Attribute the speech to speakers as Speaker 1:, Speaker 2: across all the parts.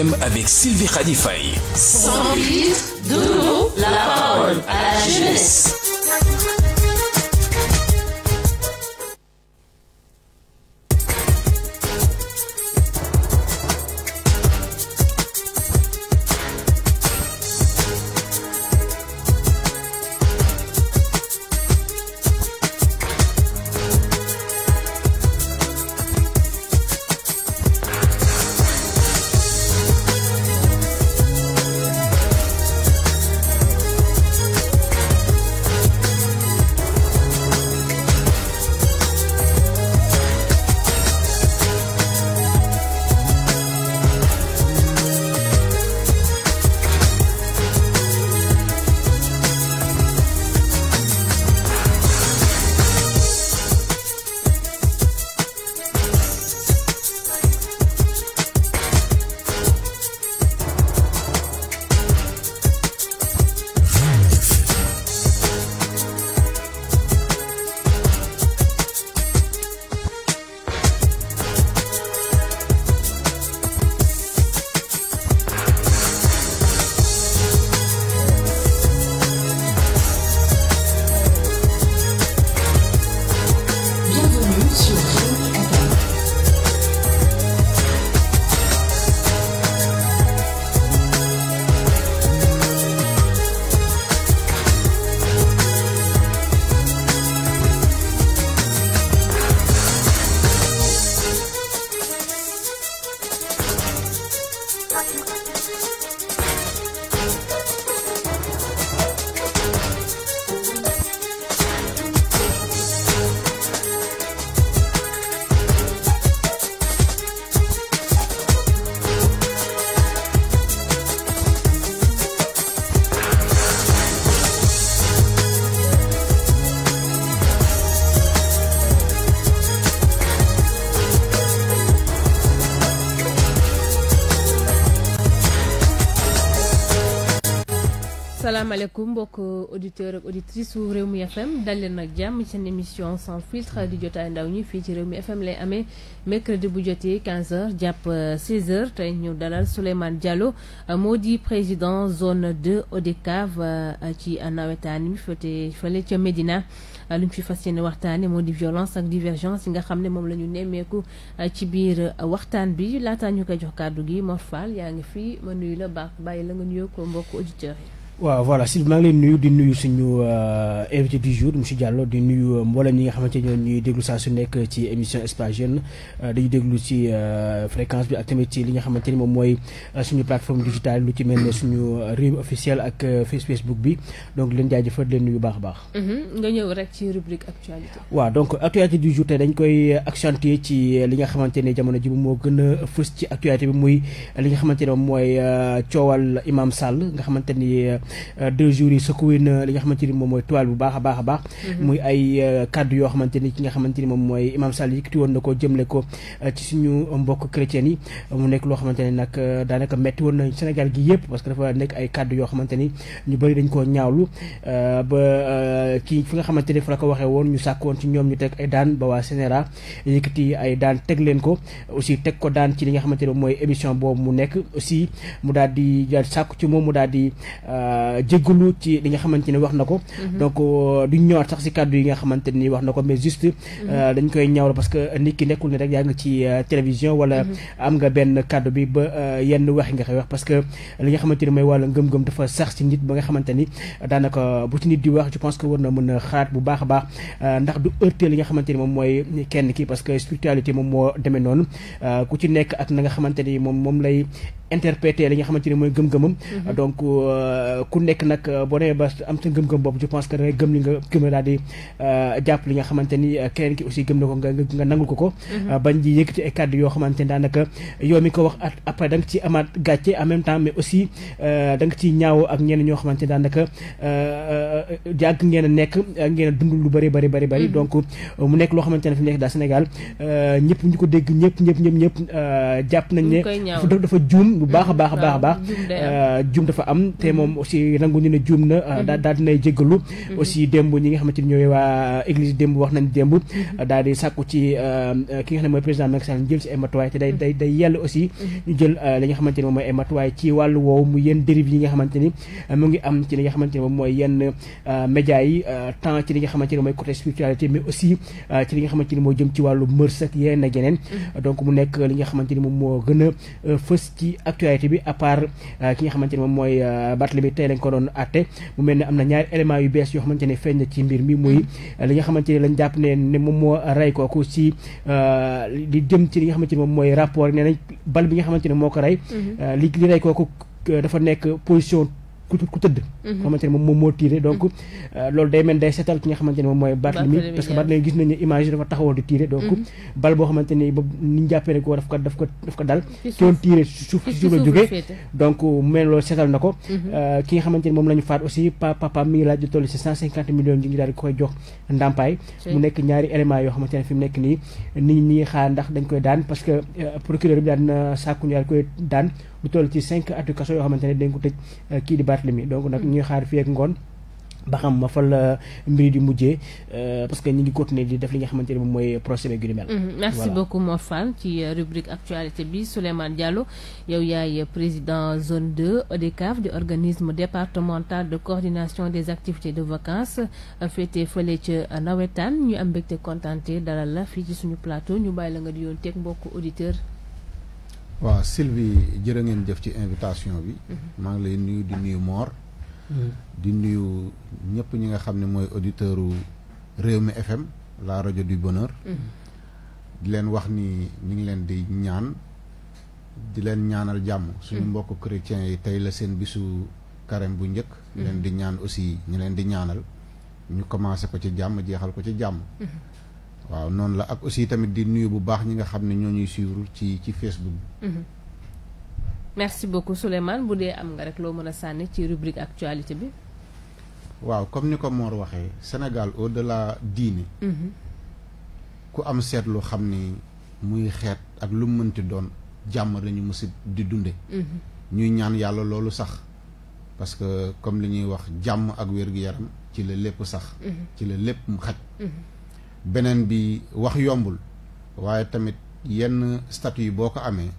Speaker 1: M avec Sylvie Khadifaye.
Speaker 2: 100 litres de la parole à la asalaamaaleykum mbokk auditeurs ak auditrices su mi FM dal leen ak jàmm seen émission sans filtre di jotaay ndaw ñi fii ci mi FM lay amee mercredi bu jotee 15 jàpp 16h tey ñu dalal Souleymane jalo moo di président zone 2 ODCAV euh, ci nawetaan mi fete fële ca Médina lu ñu fi fas yéene waxtaanee moo di violence ak divergence yi nga xam ne moom la ñu nemmeeku euh, ci biir euh, waxtaan bi laataa ñu koy jox kàddu gi Mor yaa ngi fi ma nuyu la baax bàyyi la nga nuyoo mbokk auditeurs yi.
Speaker 1: waaw voilà si maa ngi leen nuyu di nuyu suñu euh, invité du jour monsieur Diallo di nuyu euh, mboolem ñi nga xamante ne ñuy déglu saa su nekk ci émission Espace Jeune euh, dañu déglu ci fréquence bi ak tamit ci li nga xamante ni moom mooy suñu plateforme digitale lu ci mel ne suñu Rewmi officiel ak Facebook bi donc leen jaajëfal leen nuyu baax a baax.
Speaker 2: Mm-hmm. nga ñëw rek ci rubrique actualité.
Speaker 1: waaw donc actualité du jour tey dañ ci li nga xamante ne jamono ji moo gën a fës ci actualité bi muy li nga xamante ne moom mooy coowal Imam Sall nga xamante ni. Euh, deux jours yi secoué na li nga xamante moom mooy toile bu baax a baax a baax mhm. muy ay euh, kaddu yoo xamante ni ki nga xamante ni moom mooy imam Sall yëkkati woon na ko jëmle ko euh, ci suñu mbokk chrétiens yi mu nekk loo xamante ne nag daanaka metti woon na Sénégal gi yëpp parce que dafa nekk ay kaddu yoo xamante ni ñu bëri dañ koo ñaawlu ba kii fi nga xamante ni fa la ko waxee woon ñu sàkk woon ci ñoom ñu teg ay daan ba waa teg leen ko aussi teg ko daan ci li nga xamante ni mooy émission boobu mu nekk aussi mu daal di sàkku ci moom mu daal di jéggalu ci li nga xamante ni wax na ko mhm. donc euh, duñ ñëwaat sax si kaddu yi nga xamante ni wax na ko mais juste mhm. euh, dañ koy ñaawlu parce que nit ki nekkul ni rek yaa ngi ci euh, télévision wala mhm. am nga benn kaddu bi ba yenn wax yi nga koy wax parce que li nga xamante ni mooy wàllu ngëm dafa sax si nit ba nga xamante ni daanaka bu ci di wax je pense que war na mën a xalaat bu baax a baax ndax du li nga xamante ni moom mooy kenn ki parce que spiritualité moom moo demee noonu ku ci nekk ak na nga xamante ni moom moom lay interpréter li nga xamante ni mooy gëm-gëmam mhm. donc euh, ku nekk nag euh, boo nee ba am gëm-gëm boobu je pense que dangay gëm li nga gëm la daal euh, jàpp li nga xamante ni keneen ki aussi gëm na ko nga nga nangul ko ko mhm. bañ di yëkkati ay kàddu yoo xamante ni daanaka yow mi ko wax at da nga ci amaat gàcce en même temps mais aussi da nga ciy ñaaw ak ñenn ñoo xamante ni daanaka jàgg ngeen nekk ngeen a lu bëri bëri bëri bëri mhm. donc mu nekk loo xamante ne fi mu nekk daal Sénégal ñëpp ñu ko dégg ñëpp ñëpp ñëpp ñëpp jàpp nañ ne dafa juum bu baax a baax a baax a baax euh, juum dafa am te mm-hmm. moom aussi nangu ñu ne juum na daal euh, mm-hmm. daal dinay jéggalu mm-hmm. aussi démb ñi nga xamante ni ñooy waa église démb wax nañ démb daal di sàkku ci euh, ki nga xam ne mooy président Macky Sall ñu jël si ay matuwaay te day day day yell aussi ñu ni moom mooy ay matuwaay ci wàllu woowu mu yenn dérive yi nga xamante ni mu ngi am ci li nga xamante ni mooy yenn médias yi tant ci li nga xamante ni mooy côté spiritualité mais aussi ci li nga xamante ni moo jëm ci wàllu mërs ak yeneen ak yeneen donc mu nekk li nga xamante moom moo gën a fës ci actualité bi à part euh, ki nga xamante ne moom mooy euh, Barthélémy tey lañ ko doon àtte mu mel ne am na ñaari éléments yu bees yoo xamante ne feeñ ci mbir mi muy euh, li nga xamante ne lañ jàpp ne ne moom moo rey kooku si li jëm ci li nga xamante ne moom mooy rapport nee nañ bal bi nga xamante ne moo ko rey mm-hmm. li li rey kooku dafa nekk position ku ku tëdd mhm. xamante ne moom mhm. euh, ki nga xamante moom mooy faat aussi pa papa mi laaj di si cent cinquante millions ñu ngi daal koy jox ndàmpaay mu nekk ñaari éléments yoo xamante ne nekk nii nit xaar ndax dañ koy daan parce que euh, procureur bi daan sàkku ñu koy daan bu toll ci cinq atu kaso yoo xamante ne dañ ko tëj euh, kii di Barthélemy donc nag mm. ñuy xaar fii ak ngoon ba xam ma fa la euh, mbiri di mujjee euh, parce que ñu ngi continuer di def li nga xamante ne moom mooy procès bi gu ni mel. Mm-hmm. merci
Speaker 2: beaucoup Mor Fall ci rubrique actualité bi Souleymane Diallo yow yaay président zone 2 ODCAV di organisme départemental de coordination des activités de vacances féetee fale ca nawetaan ñu am mbégte contenté dalal la fii ci suñu plateau ñu bàyyi la nga di yoon teg mbokku auditeur
Speaker 3: waaw Sylvie jërë ngeen jëf ci invitation bi. Mm-hmm. maa ngi lay nuyu di nuyu moor mm-hmm. di nuyu ñëpp ñi nga xam ne mooy auditeur u Rewmi FM laa rajo du bonheur. Mm-hmm. di leen wax ni ñu ngi leen di ñaan di leen ñaanal jàmm. suñu mbokk chrétiens yi tey la seen bisu carême bu njëkk. ñu leen di ñaan aussi ñu leen di ñaanal ñu commencé ko ci jàmm jeexal ko ci jàmm. waaw noonu la ak aussi tamit di nuyu bu baax ñi nga xam ne ñoo ñuy suivre ci ci Facebook
Speaker 2: bi. Mhm. merci beaucoup Souleymane bu dee am nga rek loo mën a sànni ci rubrique actualité bi.
Speaker 3: waaw comme ni ko Mor waxee senegal au delà diine. Mhm. ku am seetlu xam ni muy xeet ak lu mënti doon jàmm lañu mës di dunde mhm. ñuy ñaan yàlla loolu sax parce que comme li ñuy wax jàmm ak wér-gu-yaram ci la lépp sax. ci la lépp mu xaj. beneen bi wax yombul waaye tamit yenn statut yi boo ko amee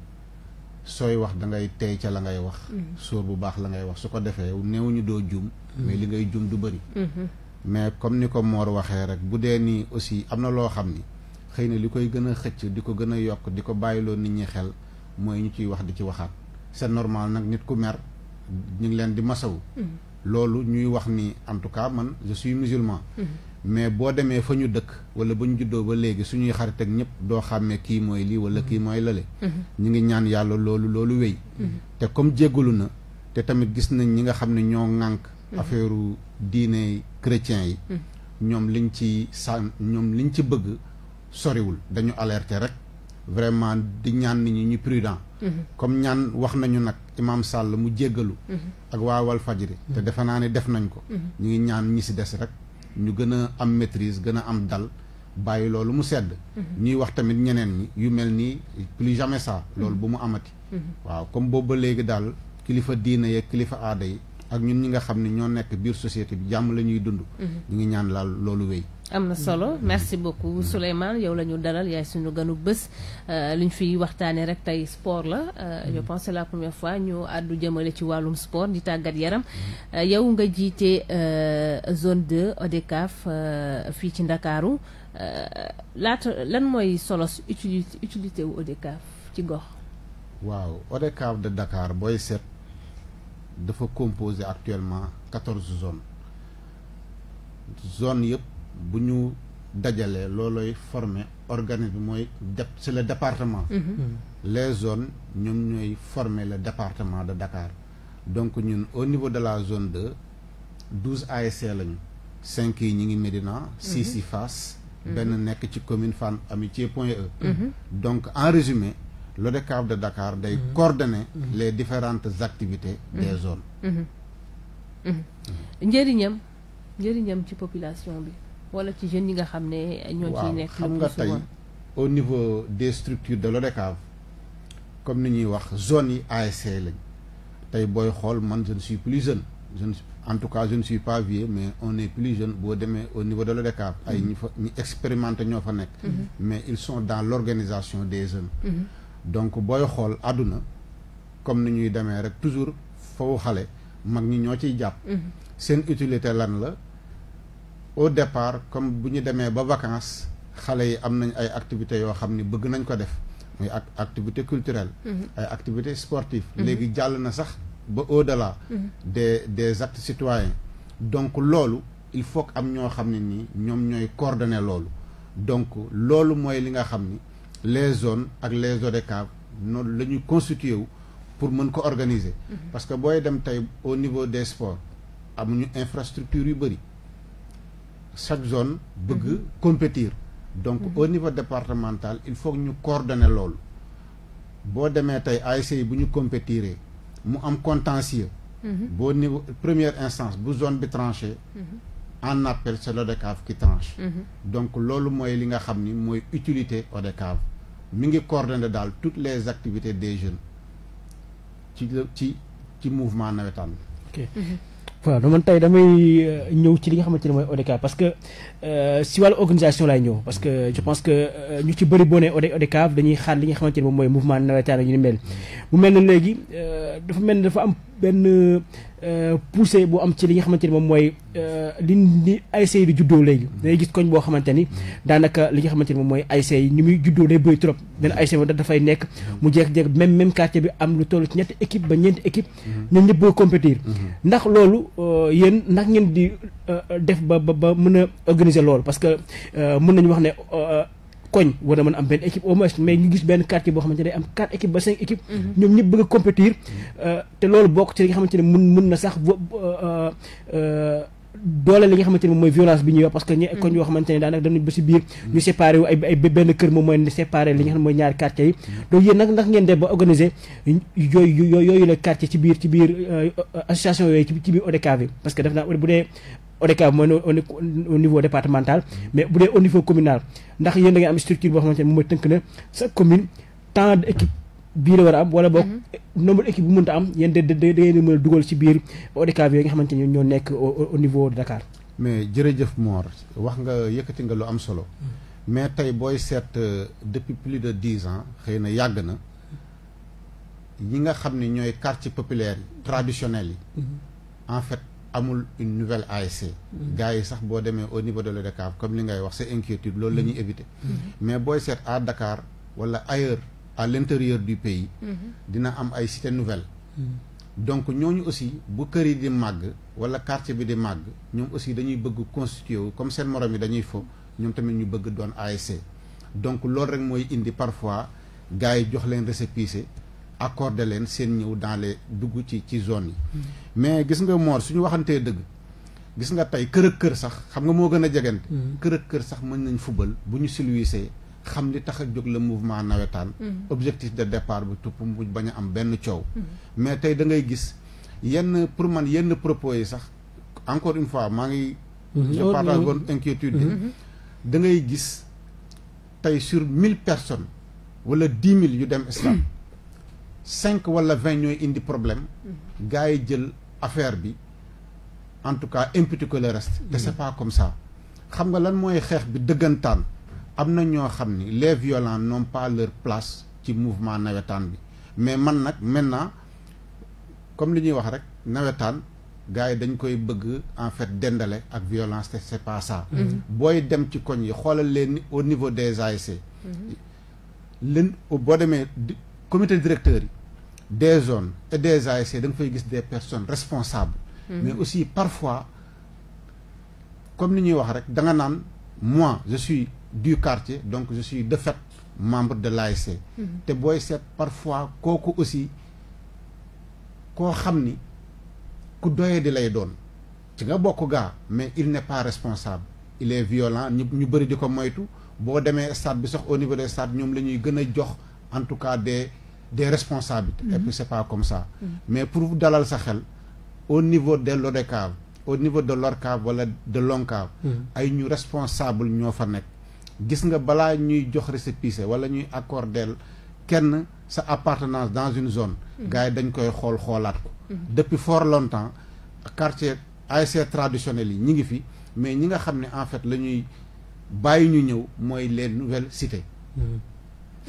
Speaker 3: sooy wax dangay tey ca la ngay wax mm-hmm. sóor bu baax la ngay wax su ko defee néew ñu doo jum mm-hmm. mais li ngay jum du bëri mm-hmm. mais comme ni ko moor waxee rek bu dee ni aussi am na loo xam ni xëy na li koy gën a xëcc di ko gën a yokk di ko bàyyiloo nit ñi xel mooy ñu ciy wax di ci waxaat c'est normal nag nit ku mer ñu ngi leen di masawu loolu ñuy wax ni en tout cas man je musulman mais boo demee fa ñu dëkk wala ba ñu juddoo ba léegi suñuy xarit ak ñëpp doo xàmmee kii mooy lii wala kii mooy lale mhm. ñu ngi ñaan yàlla loolu loolu wéy mhm. te comme jéggalu na te tamit gis nañ ñi nga xam ne ñoo ŋànk mhm. affaire diine chrétien yi ñoom liñ ci sa ñoom liñ ci bëgg soriwul dañu alerter rek vraiment di ñaan nit ñi ñu prudent comme ñaan wax nañu nag imaam sàll mu jéggalu ak waa Walfadjri te defe naa ne def nañ ko ñu ngi ñaan ñi si des rek ñu gën a am maîtrise gën a am dal bàyyi loolu mu sedd mhm. ñuy wax tamit ñeneen ñi yu mel nii plus jamais mhm. loolu bu mu amati mhm. waaw comme boobu ba léegi daal kilifa diine yeeg kilifa aada yi ak ñun ñi nga xam ne ñoo nekk biir société bi jàmm la ñuy dund ñu ngi ñaan laal loolu wéy
Speaker 2: am na solo merci beaucoup Souleymane yow la ñu dalal yaay suñu ganu bés euh, li ñu fiy waxtaanee rek tey sport la euh, je mm-hmm. pense la première fois ñu àddu jëmale ci wàllum sport di tàggat yaram euh, yow nga jiite zone de 2 ODCAV fii ci Ndakaaru laata lan mooy solos utilité utilité wu ODCAV ci gox
Speaker 3: waaw ODCAV de Dakar booy seet dafa composé actuellement quatorze zones zone yëpp bu ñu dajalee loolooy former organise bi mooy c'est le département mm-hmm. Mm-hmm. les zones ñoom ñooy former le département de Dakar donc ñun au niveau de la zone de douze ASC lañu cinq yi ñi ngi Médina six mm-hmm. yi Fass benn nekk ci commune Fann Amitié Point E donc en résumé l'ODCAV de Dakar day coordonner les différentes activités des zone
Speaker 2: njëriñam njëriñam ci population bi wala ci jeunes yi nga xam ne. ñoo ciy nekk xam nga tey
Speaker 3: au niveau des structures de l'ODCAV comme ni ñuy wax zone yi ASC lañ tey booy xool man je ne suis plus jeune je ne en tout cas jeune ne suis pas vieux mais on est plus jeune boo demee au niveau de l'ODCAV ay mhm. ñu fa ñu expérimenté ñoo fa nekk. Mhm. mais ils sont dans l'organisation des jeunes. Mhm. donc booy xool àdduna comme ni ñuy demee rek toujours foofu xale mag ñi ñoo ciy jàpp. seen utilité lan la. au départ comme bu ñu demee ba vacances xale yi am nañ ay activités yoo xam ni bëgg nañ ko def muy ak activité culturelle mm-hmm. ay activité sportive mm-hmm. léegi jàll na sax ba au-delà mm-hmm. des des actes citoyens donc loolu il faut que am ñoo xam ne nii ñoom ñooy coordonner loolu donc loolu mooy li nga xam ni les zones ak les ODCAV noonu la ñuy constitué wu pour mën ko organiser parce que booy dem tey au niveau des sports amuñu infrastructure yu bëri chaque zone bëgg mm compétir donc mhm. au niveau départemental il faut ñu coordonner loolu boo demee tey ASC yi bu ñu compétiree mu am contentieux mhm. boo niveau première instance bu zone bi tranché mhm. en appel c'est l'ODCAV qui tranche donc loolu mooy li nga xam ni mooy utilité ODCAV mu ngi coordonner daal toutes les activités des jeunes ci ci ci mouvement nawetaan
Speaker 1: bi waaw man tey damay euh, ñëw ci li nga xamante ne mooy ODK parce que euh, si wàllu organisation lay ñëw parce que je pense que euh, ñu ci bëri boo nee ODK dañuy xaar li nga xamante ne moom mooy mouvement nawetaan ñu ni mel mm. mu mel na léegi dafa mel ni dafa am benn euh, poussée boo am ci li nga xamante ni moom mooy euh, li ni ay yi di juddoo léegi day gis koñ boo xamante ni daanaka li nga xamante ni moom mooy ay yi ñu muy juddoo day bëri trop benn ASC moom dafay nekk mu jeex-jeex même même quartier bi am lu toll ci ñetti équipe ba ñeenti équipe mhm. ñun ñëpp booy mhm. ndax loolu euh, yéen ndax ngeen di def ba ba ba mën a organiser loolu parce que mën nañu wax ne koñ war a mën am benn équipe au moins mais ñu gis benn quartier boo xamante ne am quatre équipes ba cinq équipes mhm. ñoom ñëpp bëgg a mhm. euh, te loolu bokk ci li xamante ne mun mun na sax euh, euh, doole li nga xamante ne moom mooy violence bi ñuy wax parce que ñi mm. koñ yoo xamante ne daanaka dañu ba biir ñu séparé wu ay benn kër mooy séparé li nga xam mooy ñaari quartier yi mm. donc yéen nag ndax ngeen def ba organiser yooyu yooyu la quartier ci biir ci biir euh, association yooyu ci biir ODCAV bi parce que def naa bu dee ODCAV mooy au niveau départemental mm. mais bu dee au niveau communal ndax yéen da ngeen am structure boo xamante ne mooy tënk na sa commune tant d'équipe biir la war am wala boog mhm. nombre équipe bu mënta am yéen da da ngeen di mën a dugal ci biir ODCAV yooyu nga xamante ne ñoo nekk au niveau de
Speaker 3: mais jërëjëf Mor wax nga yëkkati nga lu am solo. Hmm. mais tey booy seet euh, depuis plus de dix ans xëy na yàgg na ñi nga xam ni ñooy quartier populaire yi traditionnels yi. Hmm. en fait amul une nouvelle ASC. Hmm. gars yi sax boo demee au niveau de l'ODCAV comme li ngay wax c'est inquiétude loolu la ñuy éviter. mais booy seet à Dakar wala ailleurs. à l'intérieur du pays mhm. dina am ay cité nouvelle mhm. donc ñoo ñu aussi bu kër yi di màgg wala quartier bi di màgg ñoom aussi dañuy bëgg constitué wu comme seen morom yi dañuy foog ñoom tamit ñu bëgg doon ASC donc loolu rek mooy indi parfois gars yi jox leen récépissé accordé leen seen ñëw dans les dugg ci ci zone yi mhm. mais gis nga moor suñu waxantee dëgg gis nga tey kër ak kër sax xam nga moo gën a jegante kër ak kër sax mën nañ fubal bu ñu silwisee xam li tax a jóg le mouvement nawetaan mhm. objectif de départ bi tupp mu bañ am benn coow mhm. mais tey da ngay gis yenn pour man yenn propos yi sax encore une fois maa ngi mhm. je partage bonne inquiétude bi da ngay gis tey sur mille personnes wala dix mille yu dem islam cinq wala vingt ñooy indi problème gars yi jël affaire bi en tout cas imputer que le reste te c'est pas comme ça xam nga lan mooy xeex bi dëggantaan am na ñoo xam ni les violents n'ont pas leur place ci mouvement nawetaan bi mais man nag maintenant comme li ñuy wax rek nawetaan gars yi dañ koy bëgg en fait dendale ak violence te c'est pas ça. Mm-hmm. booy dem ci koñ yi xoolal leen au niveau des ASC. Mm-hmm. leen boo demee commité directeur yi des zones et des ASC da nga fay gis des personnes responsables. Mm-hmm. mais aussi parfois comme li ñuy wax rek da nga naan moi je suis. du quartier donc je suis de fait membre de la l'ASC mhm. te booy seet parfois kooku aussi koo xam ni ku doyee di lay doon ci nga bokk gaa mais il n'est pas responsable il est violent ñu ñu bëri di ko moytu boo demee stade bi sax au niveau des stades ñoom la ñuy gën jox en tout cas des des responsabilités mhm. et puis c'est pas comme ça mhm. mais pour dalal sa xel au niveau de l'ODCAV au niveau de l'ORCAV wala de l'ONCAV ay ñu responsable ñoo fa nekk gis nga balaa ñuy jox récépissé wala ñuy accordeel kenn sa appartenance dans une zone mm-hmm. gars yi dañ koy xool xoolaat ko mm-hmm. depuis fort longtemps quartier ASC traditionnels yi ñi ngi fi mais ñi nga xam ne en fait la ñuy bàyyi ñu ñëw mooy les nouvelle cité mm-hmm.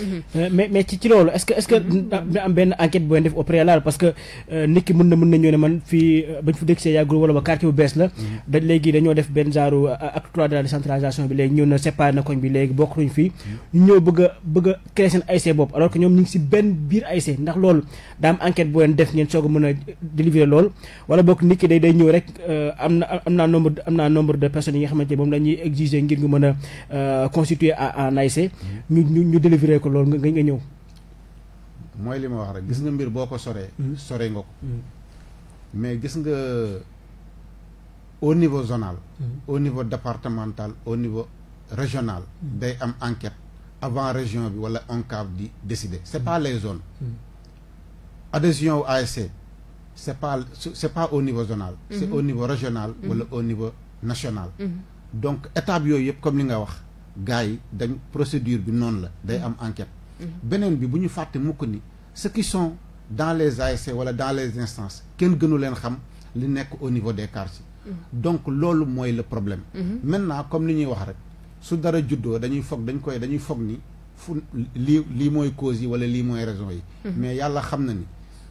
Speaker 1: Euh, mais mais ci ci loolu est-ce que est-ce que mm-hmm. dina am benn enquête booy def au préalable parce que euh, nit ki na mën na ñëw ne man fii euh, bañ fa dëkk see yàggul wala ba quartier bu bees la dañ mm-hmm. léegi dañoo def benn genre acte trois de la bi léegi ñoo na séparé na koñ bi léegi bokkuñ fii mm-hmm. ñu ñëw bëgg a bëgg a créer seen ASC bopp alors ñoom ñu ngi si benn biir ASC ndax loolu daa am enquête booy def ngeen soog a mën a délivrer loolu wala bokk nit ki day day ñëw rek am na am naa nombre am naa nombre de personnes yi nga xamante moom la ñuy exiger ngir nga mën a constituer en ASC ñu ñu ñu délivrer ko loolu nga nga ñëw.
Speaker 3: mooy li ma wax rek gis nga mbir boo ko soree. Hmm. sore nga ko. Hmm. mais gis nga au niveau zonal. Hmm. au niveau départemental au niveau régional. day am enquête avant région bi wala ONCAV di décider c' est pas les zones. adhésion au ASC c' est pas c' est au niveau zonal. c' au niveau régional. wala au niveau national. donc étape yooyu yëpp comme li nga wax. gars yi dañ procédure bi noonu la day am enquête beneen bi bu ñu fàtte mukk ni ceux qui dans les ASC wala dans les instances kenn gënu leen xam li nekk au niveau des quartiers donc loolu mooy le problème maintenant comme ni ñuy wax rek su dara juddoo dañuy foog dañ koy dañuy foog ni fu lii lii mooy cause yi wala lii mooy raison yi mais yàlla xam na ni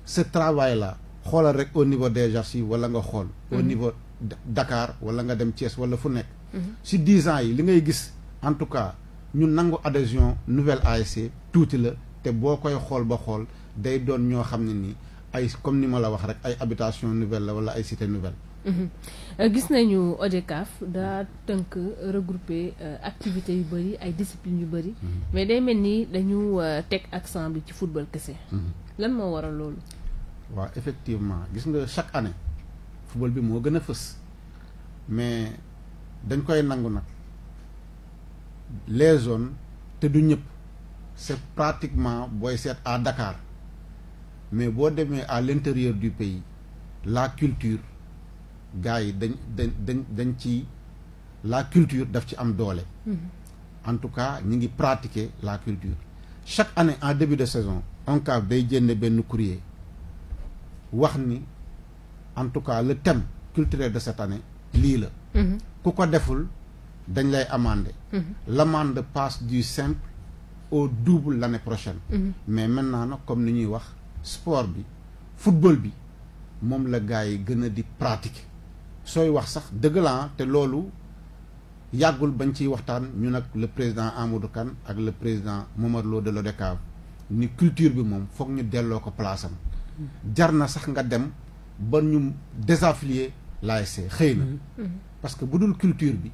Speaker 3: ce travail la xoolal rek au niveau des archives wala nga xool au niveau Dakar wala nga dem Thiès wala fu nekk yi li ngay gis en tout cas ñu nangu adhésion nouvelle ASC tuuti la te boo koy xool ba xool day doon ñoo xam ne nii ay comme ni ma la wax rek ay habitation nouvelle la wala ay cité nouvelle
Speaker 2: mhm. euh, gis nañu ODCAV daa tënk regroupé euh, activité yu bëri ay disciplines yu bëri mhm. mais day mel ni dañu euh, teg accent bi ci football kese mhm. lan moo a loolu
Speaker 3: waaw effectivement gis nga chaque année football bi moo gën a fës mais dañ koy nangu nag les zones te du ñëpp c'est pratiquement booy seet à Dakar mais boo demee à l'intérieur du pays la culture gars yi dañ dañ dañ dañ ci la culture daf ci am doole mm-hmm. en tout cas ñi ngi pratiquer la culture chaque année en début de saison ONCAV day jënd benn courrier wax ni en tout cas le thème culturel de cette année lii la mm-hmm. ku ko deful dañ lay amender. Mm-hmm. l'amende passe du simple au double ne prochaine. Mm-hmm. mais maintenant nag comme ni ñuy wax sport bi football bi moom la gars yi gën a di pratiquer. sooy wax sax dëgg ah, te loolu yàggul bañ ciy waxtaan ñu nag le président Amadou Kane ak le président Momar Lo de l'ODCAV ni culture bi moom foog ñu delloo ko place mm-hmm. jar na sax nga dem ba ñu désaffilier l'ASC xëy na. parce bu dul culture bi.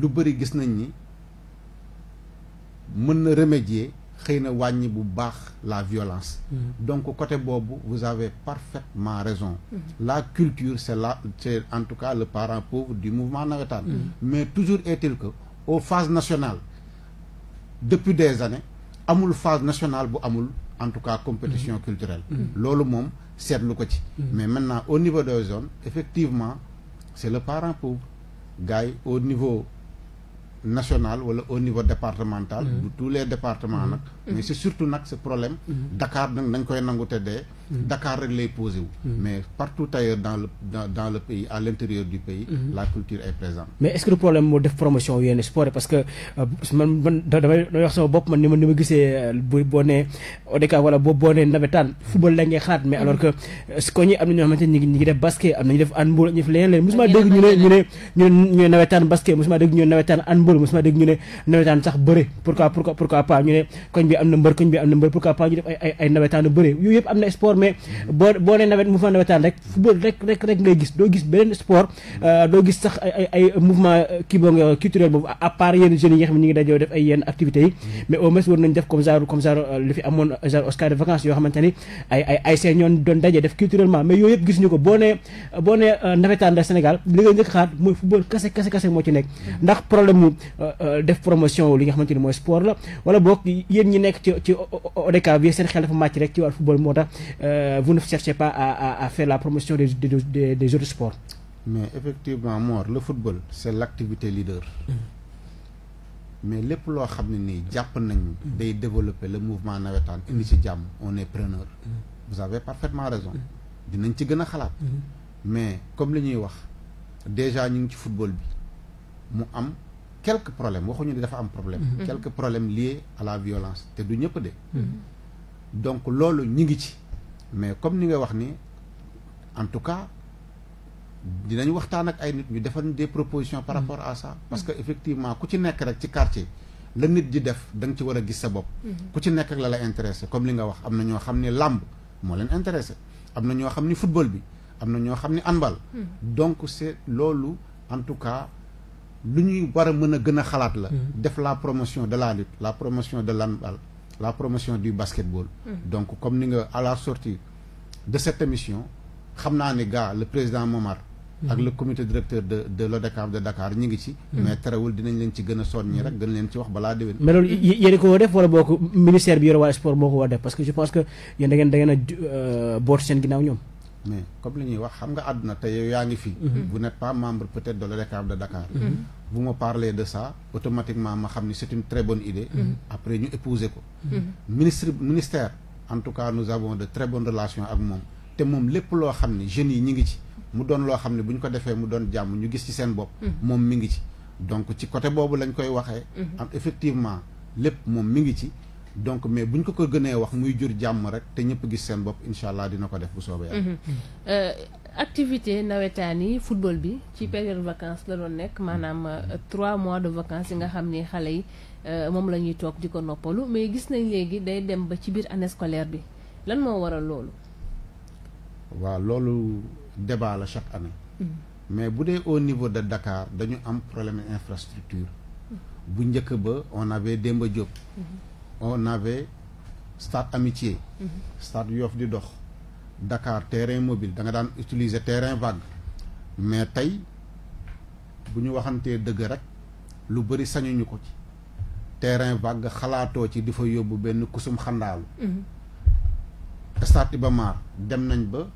Speaker 3: lu bëri gis nañ ni mën na remédier xëy na wàññi bu baax la violence mm-hmm. donc côté boobu vous avez parfaitement raison mm-hmm. la culture c'est la c'est en tout cas le parent pauvre du mouvement nawetaan mm-hmm. mais toujours est-il que aux phases nationales depuis des années amul phase nationale bu amul en tout cas compétition culturelle loolu moom seetlu ko ci mais maintenant au niveau des zones effectivement c'est le parent pauvre gars yi au niveau national wala au niveau départemental. Mm-hmm. de tous les départements mm-hmm. nag. Mm-hmm. mais c'est surtout nag ce problème mm-hmm. Dakar nag koy nangu te dee mm-hmm. Dakar rek lay posé mais partout ailleurs dans le dans, à l'intérieur du pays la culture est présente mais
Speaker 1: est-ce que le problème moo def promotion yenn sport parce que euh, man man damay wax sama bopp man ni ma ni ma gisee euh, bu boo nee ODK wala boo boo nee nawetaan football la ngay xalaat mais alors que euh, ko ñi am na ñoo xamante ñi ngi def basket am na ñu def handball ñu def leneen bi am na mbër koñ bi am na mbër pourquoi pas ñu def ay ay ay yooyu yëpp am na sport mais boo nee nawetaan rek Sénégal li ngay njëkk xaar mooy football kase kase kase ci nekk ndax problème euh, euh, def promotion li nga xamante mooy sport la wala boog yéen ñi nekk ci ci ODCAV bi seen xel dafa màcc rek ci wàllu football moo tax euh, vous ne cherchez pas à à la promotion des des des, des autres sports.
Speaker 3: mais effectivement Mor le football c' est activité leader. Mm. mais lépp loo xam ne nii jàpp nañu. Mm-hmm. day développer le mouvement nawetaan indi ci jàmm on est preneur. Mm-hmm. vous avez parfaitement raison. dinañ ci gën a xalaat. mais comme li ñuy wax déjà ñu ngi ci football bi mu am quelques problèmes waxuñu ne dafa am problème mm-hmm. quelques problèmes liés à la violence te du ñëpp de mm-hmm. donc loolu ñi ngi ci mais comme ni nga wax ni en tout cas dinañu waxtaan ak ay nit ñu defan des propositions par mm-hmm. rapport à ça parce que effectivement ku ci nekk rek ci quartier la nit di def da nga ci war a gis sa bopp ku ci nekk ak la la intéressé comme li nga wax am na ñoo xam ni làmb moo leen intéressé am na ñoo xam ni football bi am na ñoo xam ni handball lu ñuy war a mën a gën a xalaat la. Mm-hmm. def la promotion de la lutte la promotion de l'handball la promotion du basketball. Mm-hmm. donc comme ni nga à la sortie de cette émission xam naa ne gars le président Momar. Mm-hmm. ak le comité directeur de de l'ODCAV de Dakar ñu ngi ci. mais terewul dinañ leen ci gën a soññi rek gën leen ci wax balaa déwén. mais loolu
Speaker 1: yéen ko war def wala boo ko ministère bi yore waa sport moo ko war def parce que je pense que yéen da ngeen euh, boot seen ginnaaw
Speaker 3: mais comme li ñuy wax xam nga àdduna te yaa ngi fi. Mhm. vous n'êtes pas membre peut-être de l'ODCAV de Dakar. bu ma parler de ça automatiquement ma xam ni c'est une très bonne idée. Mhm. après ñu épouser ko. Mhm. ministre ministère en tout cas nous avons de très bonnes relations ak moom te moom lépp loo xam ni jeunes yi ñu ngi ci mu doon loo xam ne buñ ko defee mu doon jàmm ñu gis ci seen bopp. moom mi ngi ci donc ci côté boobu lañ koy waxee. am effectivement lépp moom mi ngi ci. donc mais bu ñu ko ko gënee wax muy jur jàmm rek te ñëpp gis seen bopp incha allah dina ko def bu soobee yàlla.
Speaker 2: Mhm. Euh, activité nawetaan yi football bi ci période vacance la doon nekk maanaam euh, trois mois de vacances yi nga xam ni xale yi euh, moom la ñuy toog di ko noppalu mais gis nañ léegi day dem ba ci biir année scolaire bi lan moo waral loolu.
Speaker 3: waaw loolu débat la chaque année. Mhm. mais bu dee au niveau de Dakar dañu am problème infrastructure. Mhm. bu njëkk ba on abe démb Diop. on avait stade amitié mhm. stade Yoff di dox Dakar terrain mobile da nga daan utiliser terrain vague mais tey bu ñu waxantee dëgg rek lu bëri sañuñu ko ci terrain vague xalaatoo ci di fa yóbbu benn kusum xandaalu mhm. stade Iba dem nañ ba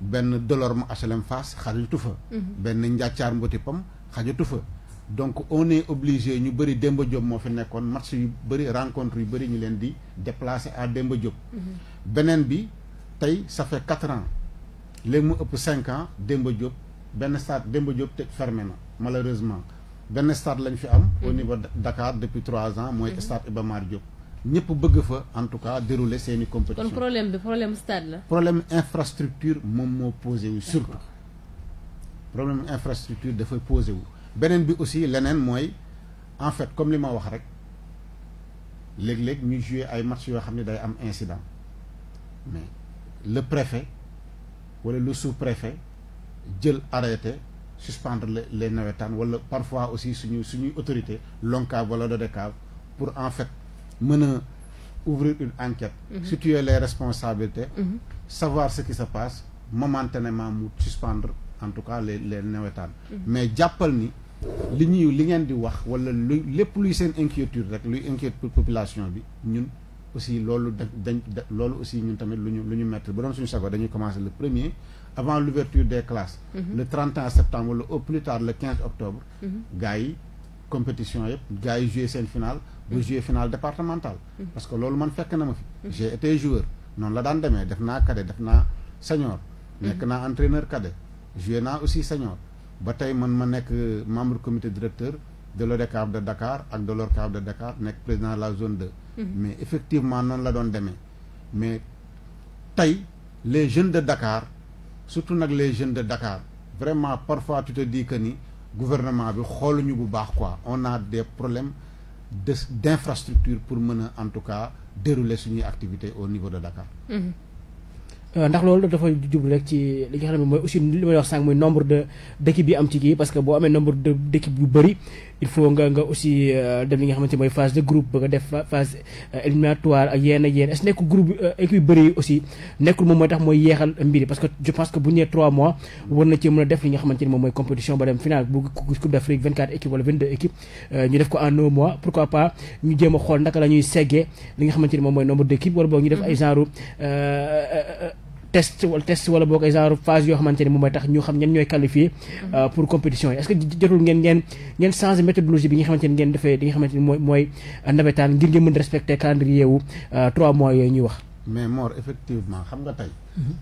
Speaker 3: benn Delorme HLM Fass xajatu fa mhm. benn njàccaar mboti pam xajatu fa donc on est obligé ñu bëri Demba Diop moo fi nekkoon match yu bëri rencontre yu bëri ñu leen di déplacer à démba Diop. Mhm. beneen bi tey ça fait quatre ans léegi mu ëpp cinq ans Demba Diop benn stade Demba Diop te fermé na malheureusement benn stade lañ fi am. au mhm. niveau de Dakar depuis trois ans. mooy mhm. stade Iba Mar Diop. ñëpp bëgg fa en tout cas dérouler seeni compétition. kon
Speaker 2: problème bi problème stade
Speaker 3: problème infrastructure moom moo posé wu surtout problème infrastructure dafay posé wu. beneen bi aussi leneen mooy en fait comme li ma wax rek léeg-léeg ñu joué ay match yoo xam ne day am incident mais le préfet wala lu sous-préfet jël arrêté suspendre les nawetaan wala parfois aussi suñu suñuy autorité l'ONCAV wala l'ODCAV pour en fait mën a ouvrir une enquête mm les responsabilités mm -hmm. savoir ce qui se passe momentanément mu suspendre en tout cas les les nawetaan mm-hmm. mais jàppal ni li ñuy li ngeen di wax wala lu lépp luy seen inquiétude rek luy inquiète population bi ñun aussi loolu da dañ loolu aussi ñun tamit lu ñu lu ñu mettre bu doon suñu sago dañuy commencer le premier avant l'ouverture des classes mhm. le 31 septembre wala au plus tard le 15 octobre mhm. gars yi compétition yëpp gars yi joué seen finale ba mhm. joué finale départementale parce que loolu man fekk na ma fi j'ai été joueur noonu la daan demee def naa cadet def naa senior nekk naa entraîneur cadet joué naa aussi senior ba tey man ma nekk euh, membre commité directeur de l'ODCAV de Dakar ak de l'ORCAV de Dakar nekk président de la zone de mhm. mais effectivement noonu la doon demee mais tey les jeunes de Dakar surtout nag les jeunes de Dakar vraiment parfois tu que ni gouvernement bi xooluñu bu baax quoi on a des problèmes de d'infrastructure pour mën a en tout cas dérouler suñuy activité au niveau de Dakar.
Speaker 1: Mhm. Euh, ndax loolu dafa jublu rek ci li nga xam mooy aussi li may wax sànq mooy nombre de d'équipe bi am ci kii parce que boo amee nombre de d'équipe yu euh, xamante mooy phase de groupe ba nga def phase euh, éliminatoire ak yenn yenn est-ce nekk groupe équipe aussi nekkul moom mooy tax mooy yeexal mbiri parce que je pense que bu nee 3 mois war na ci mën a def li nga xamante moom mooy compétition ba dem final bu Coupe d'Afrique 24 équipes wala 22 équipes ñu def ko en 9 mois pourquoi pas ñu jéem xool naka la ñuy li nga xamante ni moom mooy nombre d'équipes wala boog test wala test wala boo koy genre phase yoo xamante ne moom mooy tax ñu xam ñan ñooy qualifié mm-hmm. euh, pour compétition yi est-ce que jotul ngeen ngeen ngeen changer méthodologie bi nga xamante ne mooy mooy ngir ngeen mën respecter calendrier wu
Speaker 3: euh, trois mois yooyu ñuy wax mais Mor effectivement xam nga tey mm-hmm.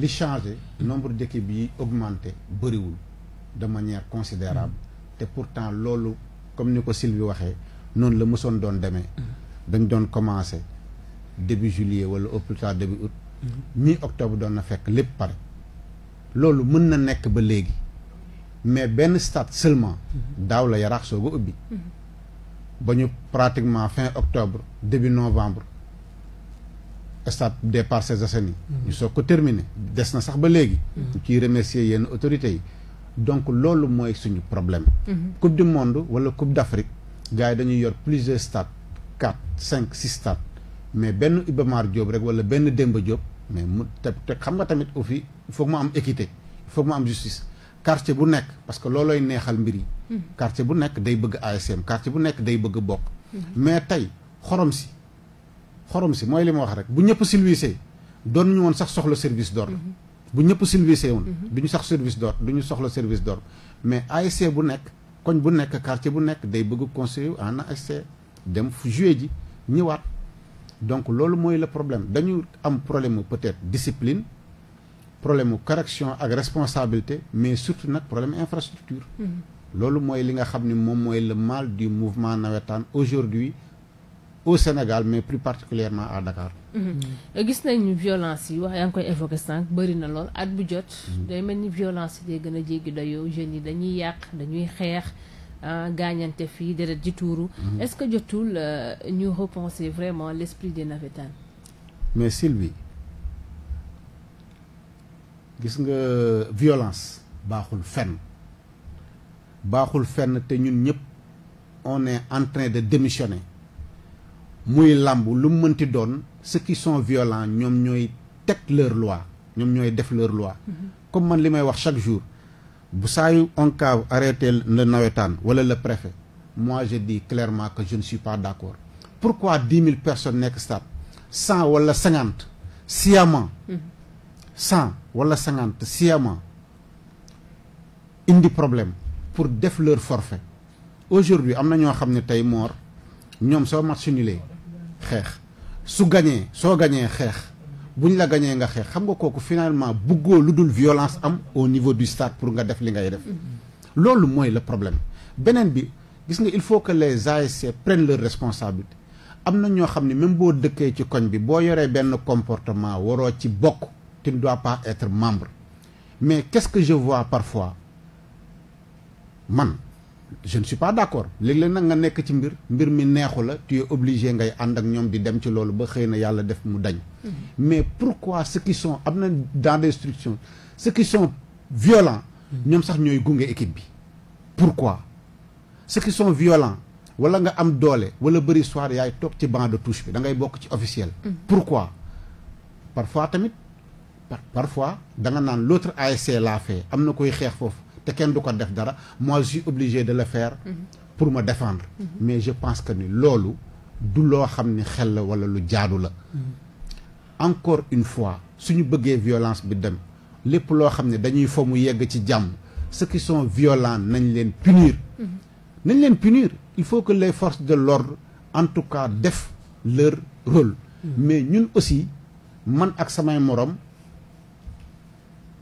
Speaker 3: li changé nombre d'équipes yi augmenté bëriwul de manière considérable mm-hmm. te pourtant loolu comme ni ko Sylvie waxee noonu la mësoon doon demee dañ doon commencé début juillet wala mi octobre doon na fekk lépp pare loolu mën na nekk ba léegi mais benn stade seulement daaw la yaraax soo ko ubbi ba ñu pratiquement fin octobre début novembre stade des Parcelles Assainies ñu soog ko terminé des na sax ba léegi ñu ciy remercier yenn autorités yi donc loolu mooy suñu problème coupe du monde wala coupe d'Afrique gars yi dañuy yor plusieurs stades quatre cinq six stades mais benn Iba Mar rek wala benn Demba Diop mais mu te te xam nga tamit au fi il am équité il ma que mu am justice quartier bu nekk parce que loolooy neexal mbir yi. Hmm. quartier bu nekk day bëgg ASM quartier bu nekk day bëgg bokk. Hmm. mais tey xorom si xorom si mooy li ma wax rek bu ñëpp silvisee doon ñu woon sax soxla service d'ordre hmm. bu ñëpp silvisee woon. du ñu sax service d'ordre du ñu soxla service d'ordre mais ASC bu nekk koñ bu nekk quartier bu nekk day bëgg construire en ASC dem fu joué ji ñëwaat. donc loolu mooy le problème dañu am problème mu peut-être discipline problème mu correction ak responsabilité mais surtout nag problème infrastructure
Speaker 4: mm-hmm.
Speaker 3: loolu mooy li nga xam ni moom mooy le mal du mouvement nawetaan aujourd'hui au Sénégal mais plus particulièrement à Dakar.
Speaker 2: Mm-hmm. gis nañu violence yi wax yaa ngi koy évoqué sànq bëri na lool at bu jot. Mm-hmm. day mel ni violence yi gën a jéggi dayoo jeunes yi dañuy yàq dañuy xeex. gaañante fii deret ji tuuru mhm. est-ce que jotul euh, ñu repenser vraiment l'esprit des navétanes
Speaker 3: mais Sylvie gis nga violence baaxul fenn baaxul fenn te ñun ñëpp on est en train de démissionner muy làmb lu mu mënti doon ceux qui sont ñoom ñooy teg leur loi ñoom ñooy def leur loi mhm. comme man li may wax chaque jour bu saa yu ONCAV arrêté le nawetaan wala le préfet mois je dis clairement que je ne suis pas d' accord pourquoi dix mille personnes nekk stade cent wala cinquante sciemment cent wala cinquante sciemment indi problème pour def leur forfait aujourd'hui am na ñoo xam ne tey moor ñoom soo machine nulé xeex su gañee soo gañee xeex bu ñu la gañee nga xeex xam nga kooku finalement buggoo lu dul violence am au niveau du stade pour nga def li ngay def loolu mooy la problème beneen bi gis nga il faut que les ASC prennent leur responsabilité am na ñoo xam ne même boo dëkkee ci koñ bi boo yoree benn comportement waroo ci bokk tu ne dois pas être membre mais quest que je vois parfois man je ne suis pas d'accord léeg-léeg nag nga nekk ci mbir mbir mi neexu la tu obligé ngay ànd ak ñoom di dem ci loolu ba xëy na yàlla def mu dañ mhm. mais pourquoi ceux qui am na dans des structures ceux qui mhm. ñoom sax ñooy gunge équipe bi pourquoi ceux qui sont violents wala nga am doole wala bëri soir yaay toog ci banc de touche bi dangay bokk ci officiel mhm. pourquoi parfois tamit parfois da nga naan l'autre ASC laa fee am na koy xeex foofu te kenn du ko def dara moi je suis obligé de le faire mm-hmm. pour ma defendre mm-hmm. mais je pense que ni loolu du loo xam ni xel la walla lu jaadu la mm-hmm. encore une fois suñu bëggee violence bi dem lépp loo xam ne dañuy fo mu yegg ci jàmm ceux qui sont violents nañ leen punir nañ leen punir il faut que les forces de l'ordre en tout cas def leur rôle mais ñun aussi man ak samay morom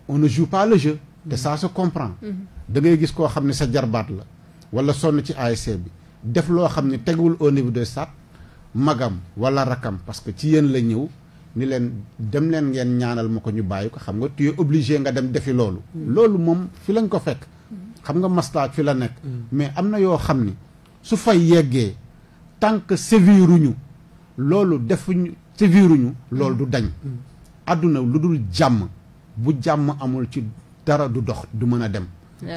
Speaker 3: on ne joue pas le jeu te ça se comprend. da ngay gis koo xam ne sa jarbaat la. wala sonn ci ASC bi def loo xam ne teguwul au niveau de sat magam wala rakam parce que ci yéen la ñëw ni leen dem leen ngeen ñaanal ma ko ñu bàyyi ko xam nga tu es obligé nga dem defi loolu. loolu moom fi lañ ko fekk. xam nga maslaak fi la nekk. mais am na yoo xam ni su fa yeggee tant que séviruñu loolu defuñu séviruñu loolu du dañ. àdduna lu dul jàmm bu jàmm amul ci. dara du dox du mën a dem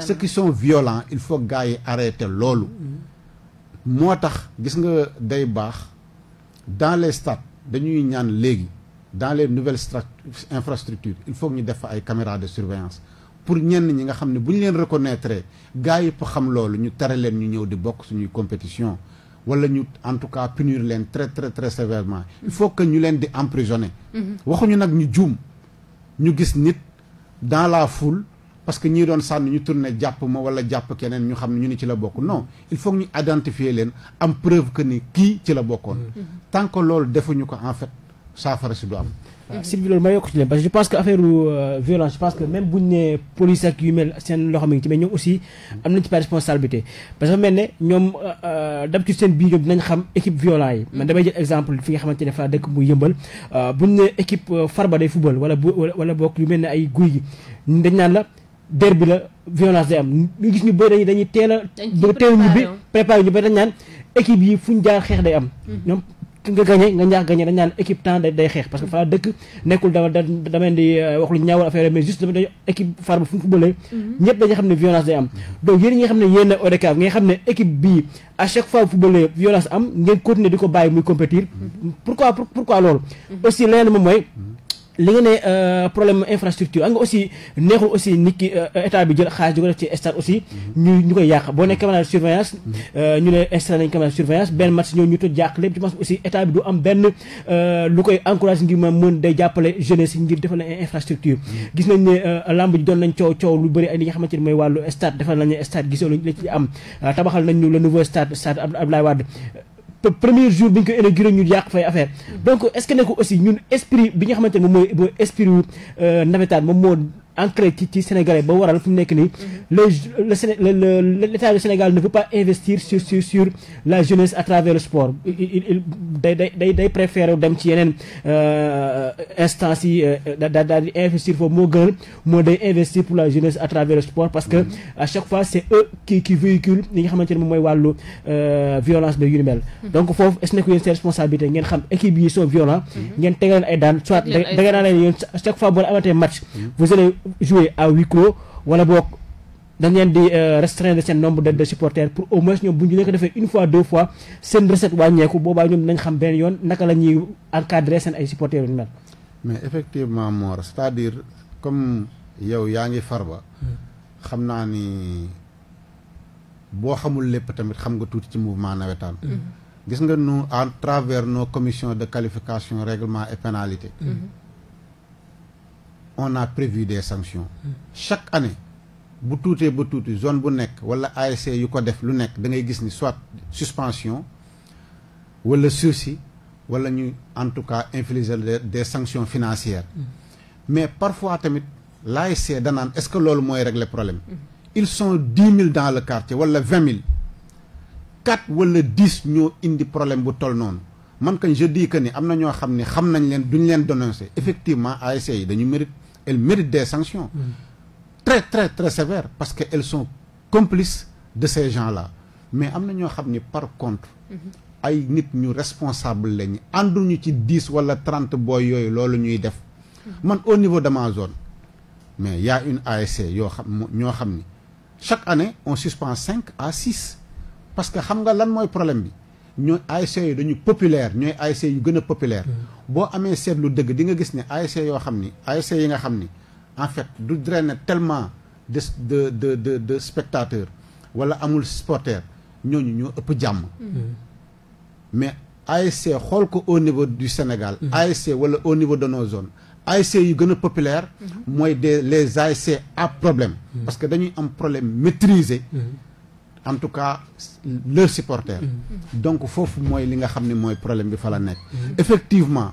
Speaker 3: ceux qui sont violents il faut gars yi arrêter loolu mm-hmm. moo tax gis nga day baax dans les stades dañuy ñaan léegi dans les nouvelles strat infrastructures il faut ñu def fa ay caméras de surveillance pour ñenn ñi nga xam ne bu ñu leen reconnaître gars yi xam loolu ñu tere leen ñu ñëw di bokk suñuy compétition wala ñu en tout cas punir leen très très très sévèrement il faut que ñu leen di emprisonner mm-hmm. waxuñu nag ñu juum ñu gis nit dans la foule parce que ñii doon sànni ñu tourné jàpp ma wala jàpp keneen ñu xam ne ñu ni ci la bokk non il faut ñu identifier leen am preuve que ni kii ci la bokkoon mm-hmm. tant que loolu defuñu ko en fait saafara si du am Ah, Sylvie loolu ma yokk ci leen parce que je pense que affaire euh, violence
Speaker 1: je pense que même buñ ne police ak yu mel seen loxo mi ngi ci mais ñoom parce que mel ne ñoom euh, euh, d'habitude seen biir xam équipe violent yi man damay jël exemple fi nga xamante ne fa dëkk muy yëmbal buñ ne équipe farba day football wala bu wala bokk yu mel ne ay guy gi dañ naan la der la violence day am ñu gis ñu bëri dañuy teel a ba teew ñu bi ba dañ naan équipe yi fu ñu jaar xeex day am hmm. ñoom nga gagné nga ñaax gagné dañ naan équipe temps day xeex parce que Fara dëkk nekkul da dameen di euh, wax lu ñaawal affaire mais juste dañu équipe Fara bu fu mu footballee mhm. ñëpp xam ne violence day am donc yéen ñi xam ne yéen a ODCAV nga xam ne équipe bii à chaque fois bu violence am ngeen continuer di ko bàyyi muy compétir mhm. pourquoi pourquoi loolu mhm. aussi leneen moom mooy li nga ne euh, problème infrastructure am nga aussi neexul aussi nit ki euh, état bi jël xaalis di ko def ci stade aussi ñu ñu koy yàq boo ne caméra de surveillance euh, ñu ne installé nañ caméra de surveillance benn match ñoo ñu toj yàq lépp je pense aussi état bi du am benn lu koy encouragé ngir ma mën day jàppale jeunesse ngir defal na infrastructure gis nañ ne lamb ji doon nañ coow coow lu bëri ay li xamante ni mooy wàllu stade defal nañ ne stade gisoo la ci am tabaxal nañ ñu le nouveau stade stade Abdoulaye Wade premier jour bi ñu ko inauguré ñu yàq fay affaire mm. donc est-ce que nekku aussi ñun esprit bi nga xamante ne moom mooy mooy esprit euh, nawetaan moom moo ancré ci ci Sénégalais ba waral fu mu nekk nii mhm. le le l' état du Sénégal ne veut pas investir sur sur sur la jeunesse à travers le sport day day day day préférer dem ci yeneen euh, instance yi euh, daa daal di investir foofu moo gënal moo day investir pour la jeunesse à travers le sport parce que mhm. à chaque fois c' est eux qui qui véhiculent li nga ne moom mooy wàllu euh, violence ba yu mhm. donc foofu est ce que yéen responsabilité ngeen xam équipe yi sont violents ngeen tegaleen ay daan soit da nga naa leen jouer à huis clos wala boog dañ leen di euh, restreindre seen nombre de de supporters pour au moins ñoom bu ñu leen ko defee une fois deux fois seen recette wàññeeku boobaa ñoom nañ xam benn yoon naka la ñuy encadrer seen ay supporters ni mel.
Speaker 3: mais effectivement moo c'est-à-dire comme yow yaa ngi Farba. xam naa ni boo xamul lépp tamit xam nga tuuti ci mouvement nawetaan. Mm-hmm. gis nga nu à travers no commission de qualification règlement et pénalité. Mm-hmm. on a prévu des sanctions chaque année bu tuutee ba tuuti zone bu nekk wala ASC yu ko def lu nekk da ngay gis ni soit suspension wala sursis wala ñu en tout cas infliger des sanctions financières mm. mais parfois tamit l'ASC danaan est-ce que loolu mooy régler problème ils son dix mille dans le quartier wala vingt mille quatre wala dix ñoo indi problème bu toll noonu man kañ je dis que ni am na ñoo xam ni xam nañ leen duñ leen dénoncer effectivement ASC yi dañu mérite elles méritent des sanctions. Mm. très très très sévères parce que elles sont complices de ces gens-là mais am na ñoo xam ni par contre. Mm-hmm. ay nit ñu responsable lañu ànduñu ci dix wala trente booy yooyu loolu ñuy def. Mm-hmm. man au niveau de ma zone. mais y a une ASC yoo xam ñoo xam ni chaque année on suspend cinq à six parce que xam nga lan mooy problème bi ñooy ASC yi dañu populaire ñooy ASC yu gën a populaire. Mmh. boo amee seetlu dëgg di nga gis ne ASC yoo xam ni ASC yi nga xam ni en fait du drainer tellement de de de de de spectateurs wala amul supporter ñooñu ñoo ëpp jàmm. Mm-hmm. mais ASC xool ko au niveau du Sénégal. Mm-hmm. ASC wala au niveau de nos zones. ASC yu gën a populaire. Mm-hmm. mooy des les ASC à problème. parce que dañuy am problème maîtrisé. en tout cas leurs supporters. Mm-hmm. Mm-hmm. donc foofu mooy li nga xam ne mooy problème bi fa la nekk. Mm-hmm. effectivement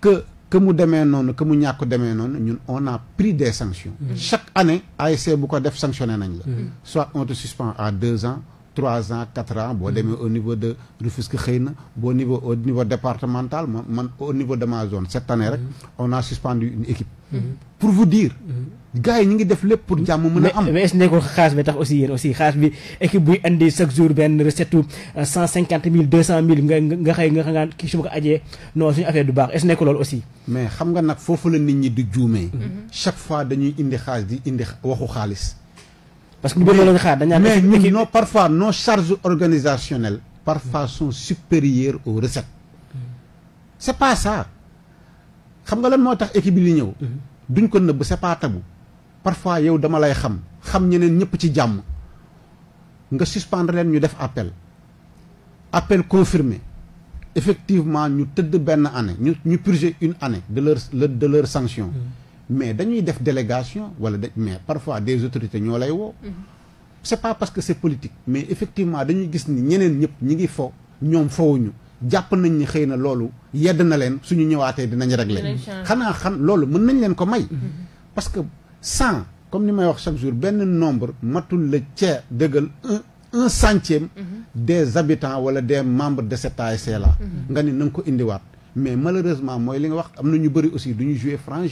Speaker 3: que que mu demee noonu que mu ñàkk demee noonu ñun on a pris des sanctions. chaque année ASC bu ko def sanctionné nañ la. soit on te suspend à deux ans. trois ans quatre ans boo demee au niveau de Rufisque xëy na boo niveau au niveau départemental man man au niveau de ma zone cette année rek on a suspendu une équipe pour vous dire gars yi ñu ngi def lépp pour jàmm mën a am mais est-ce nekkul tax aussi yéen aussi xaas bi
Speaker 1: équipe buy andi chaque jour benn recette euh, cent cinquante mille deux cent mille nga nga xëy nga xam kii
Speaker 3: su ma ko ajee nga nag foofu la nit ñi di juumee mhm. chaque fois dañuy indi xaalis di indi waxu xaalis parce que ñu bëri lañu xaar dañu mais ñun non parfois nos charges organisationnelles parfois sont supérieures aux recettes mhm. c'est pas ça xam nga lan moo tax équipe bi li ñëw mhm. duñ ko nëbb c'est pas tabou parfois yow dama lay xam xam ñeneen ñëpp ci jàmm nga suspendre leen ñu def appel appel confirmé effectivement ñu tëdd benn année ñu ñu purger une année de leur de leur sanction mm-hmm. mais dañuy def délégation wala da mais parfois des autorités ñoo lay woo
Speaker 4: mm-hmm.
Speaker 3: c'est pas parce que c'est politique mais effectivement dañu gis ni ñeneen ñëpp ñi ngi fo ñoom fowuñu jàpp nañ ni xëy na loolu yedd na leen suñu ñëwaatee dinañ régler xanaa xam loolu mën nañ leen ko may mm-hmm. parce cent comme ni may wax chaque jour benn nombre matul la tiers dëggal un un centième mhm. des habitants wala des membres de cet ASC là mhm. nga ni na ko indiwaat mais malheureusement mooy li nga wax am na ñu bëri aussi du ñu jouer franc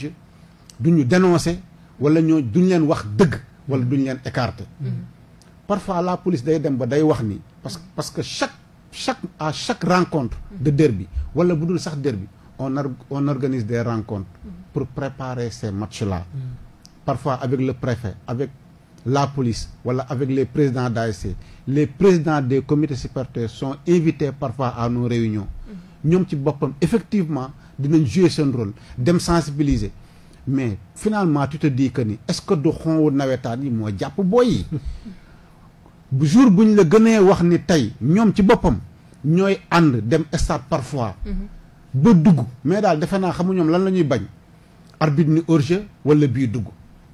Speaker 3: du ñu dénoncer wala ñoo duñ leen wax dëgg wala duñ leen écarter mhm. parfois la police day dem ba day wax ni parce que parce que chaque chaque à chaque rencontre de derby wala bu dul sax derby on on organise des rencontres pour préparer ces matchs là parfois avec le préfet avec la police wala avec les présidents d'ASC les présidents des comités supporters sont invités parfois à nos réunions ñoom ci boppam effectivement dinañ jouer seen rôle dem sensibiliser mais finalement tu te que ni est-ce que du xonwu nawetaan yi moo jàpp boy yi jour buñ la gënee wax ni tey ñoom ci boppam ñooy ànd dem stade parfois
Speaker 4: mm-hmm.
Speaker 3: ba dugg mais daal defe naa xamu ñoom lan la ñuy bañ arbitre ni hors wala bii dugg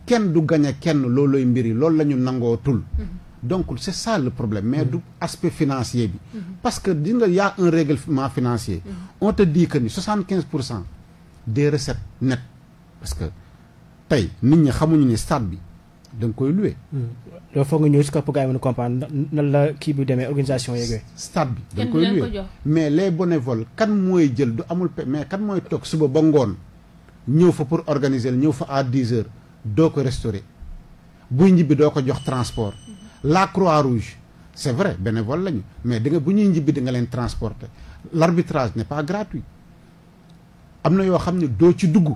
Speaker 3: kenn du gañe kenn loolooy mbir yi loolu la ñu nangootul mm-hmm. donc c' est ça le problème mais du mm-hmm. aspect financier bi mm-hmm. parce que dina y a un financier on te dit que ni soixante quinze pour cent des recettes nettes parce que tey nit ñi xamuñu ni stade bi da nga koy loué.
Speaker 4: Mm.
Speaker 3: foog nga ñëw si kaw a kii bi demee organisation yeeg yooyu. bi mais les bénévoles kan mooy jël du amul mais kan mooy toog suba ba ngoon ñëw fa pour organiser ñëw fa à dix heures. doo ko restaurer buy njibbi doo ko jox transport la croix rouge c' est vrai bénévole lañu mais di nga bu ñuy ñibbi di nga leen transporter l' arbitrage n' est pas gratuit am na yoo xam ne doo ci dugg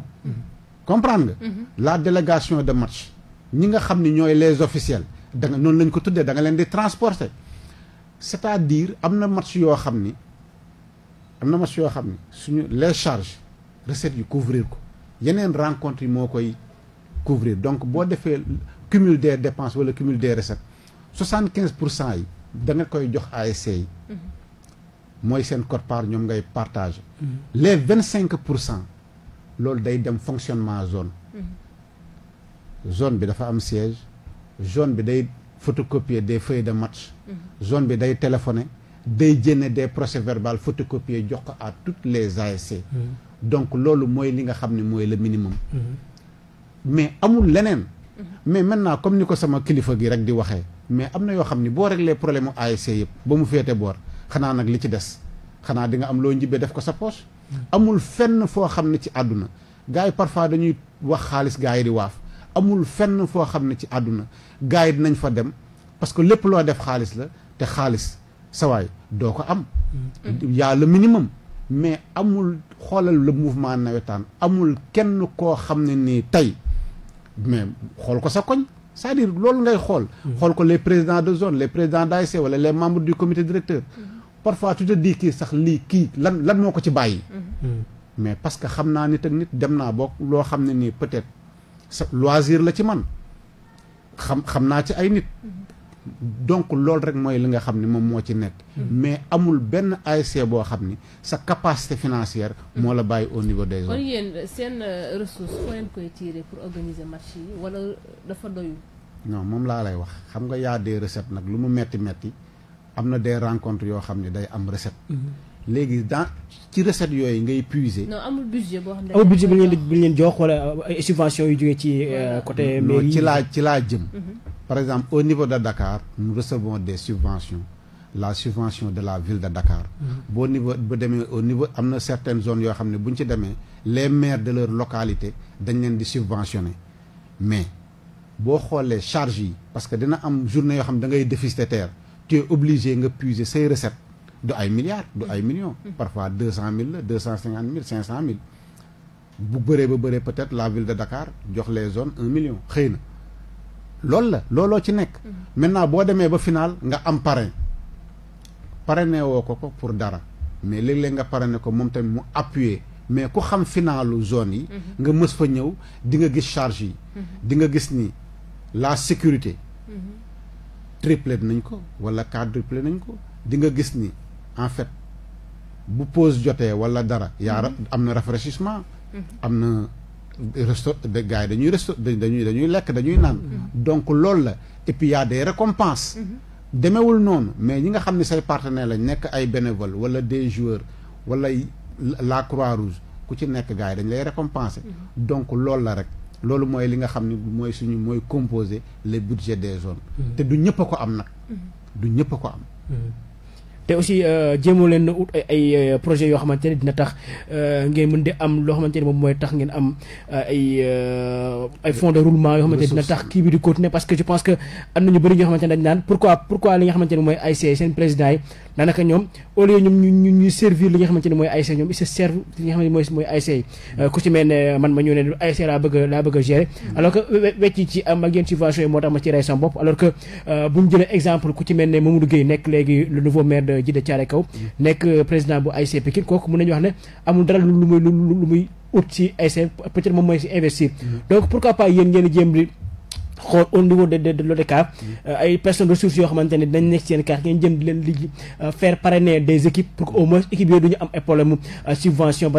Speaker 3: comprendre nga mhm. la délégation de match ñi nga xam ne ñooy les officiels danga noonu lañ ko tuddee da nga leen di transporter c' est à dire am na match yoo xam ni am na match yoo xam ni suñu les charge recettes yu couvrir ko yeneen rencontre yi moo koy couvrir donc boo defee cumul des dépenses wala cumul des recettes soixante pour cent yi da koy jox ASC yi
Speaker 4: mm-hmm.
Speaker 3: mooy seen quote-part ñoom ngay partage mm-hmm. les vingt cinq pour cent loolu day dem fonctionnement zone
Speaker 4: mm-hmm.
Speaker 3: zone bi dafa am siège zone bi day photocopier des feuilles de match zone bi day téléphoner day jënne des procès verbal photocopier jox ko à toutes les ASC donc loolu mooy li nga xam ni mooy le minimum mais amul leneen. mais maintenant comme ni ko sama kilifa gi rek di waxee mais am na yoo xam ni boo réglé problème mu ASC yëpp ba mu féete boor xanaa nag li ci des xanaa di nga am loo njibbe def ko sa poche. amul fenn foo xam ne ci àdduna gars yi parfois dañuy wax xaalis gars yi di waaf amul fenn foo xam ne ci àdduna gars yi dinañ fa dem parce que lépp loo def xaalis la te xaalis sawaay doo ko am. Mm-hmm. yaa le minimum. mais amul xoolal le mouvement nawetaan amul kenn koo xam ne nii tey. mais xool ko sa koñ c'est-à-dire loolu ngay xool. xool ko les présidents de zone le présidents d'ASC wala les membres du comité directeur. parfois tu te dis kii sax lii kii lan lan moo ko ci bàyyi. mais parce que xam naa nit ak nit dem naa bokk loo xam ne nii peut-être sa loisir la ci man xam xam naa ci ay nit. donc loolu rek mooy li nga xam ni moom moo ci nekk. Mm-hmm. mais amul benn ASC boo xam ni sa capacité financière. Mm-hmm. moo la bàyyi au niveau des
Speaker 2: zones. seen euh, ressource foo leen koy tirer pour organiser match yi wala dafa doyul.
Speaker 3: non moom laa lay wax xam nga yaa des recettes nag lu mu metti metti am na des rencontres yoo xam ne day am recette. Mm-hmm. léegi dans ci recette yooyu ngay puiser. non
Speaker 2: amul budget boo xam ne amul budget bi ñu leen
Speaker 3: di bi ñu leen jox wala ay yu jógee ci euh, côté. mairie ci laa ci laa jëm. Par exemple, au niveau de Dakar, nous recevons des subvention La subvention de la ville de Dakar. Mm-hmm. boo niveau ba demee au niveau am na certaines zones yoo xam ne bu ñu ci demee les maires de leur localité dañ leen di subventionner mais boo xoolee charge yi parce que dina am journée yoo xam ne da ngay déficitaire tu es obligé nga puiser say recettes du ay milliards du ay millions. Mm-hmm. parfois deux cent mille la deux cinquante mille cinq cent mille bu bëree ba bëree peut-être la ville de Dakar jox les zone un million xëy na. loolu la looloo ci nekk. Mm-hmm. maintenant boo demee ba final nga am parrain parrainé woo ko ko pour dara mais léeg-léeg nga ne ko moom tamit mu appuyer mais ku xam finalu zone yi. Mm-hmm. nga mës fa ñëw di nga gis charge yi. Mm-hmm. di nga gis ni la sécurité. triplé nañ ko wala quadruplé nañ ko di nga gis ni en fait bu pose jotee wala dara. yaa am na rafraîchissement. am na. resto de gars dañuy resto dañuy dañuy lekk dañuy naan mm-hmm. donc loolu la et puis y a des récompenses mm-hmm. demewul noonu mais ñi nga xam ni say partenaire lañ nekk ay bénévole wala des joueurs wala la Croix-Rouge ku ci nekk gars yi dañ lay récompenser mm-hmm. donc loolu la rek loolu mooy li nga xam ne mooy suñu mooy composer les budgets des zones te du ñëpp a ko am nag du ñëpp a ko am te aussi euh, jéemoo leen ut ay ay euh, projets yoo xamante ne
Speaker 1: dina tax euh, ngeen mun di am loo xamante ne moom mooy tax ngeen am ay ay fonds de roulement yoo xamante ne dina tax kii bi di continuer parce que je pense que am na ñu bëri ñoo xamante ne naan pourquoi pourquoi li nga xamante ne mooy ay seen président yi daanaka ñoom au lieu ñoom ñu ñu servir li nga xamante ne mooy ASC ñoom ils se servent li nga xamante ne mooy mooy ASC yi euh, ku ci mel ne euh, man ma ñëw ne ASC laa bëgg a laa bëgg a gérer hmm. alors que wecc ci am ak yéen subvention yi moo tax ma ci rey sama bopp alors que euh, bu ñu jëlee exemple ku ci mel ne Mamadou Gueye nekk léegi le nouveau maire de Djiddah Thiaroye Kaw hmm. nekk président bu ASC Pikine kooku mën nañu wax ne amul dara lu muy lu muy ut ci ASC peut xool au de de euh, ay personnes ressources yoo xamante ne nekk seen carte ngeen jëm di leen ligi euh, faire parrainer des équipes pour que au moins équipes ay problème euh, subvention yi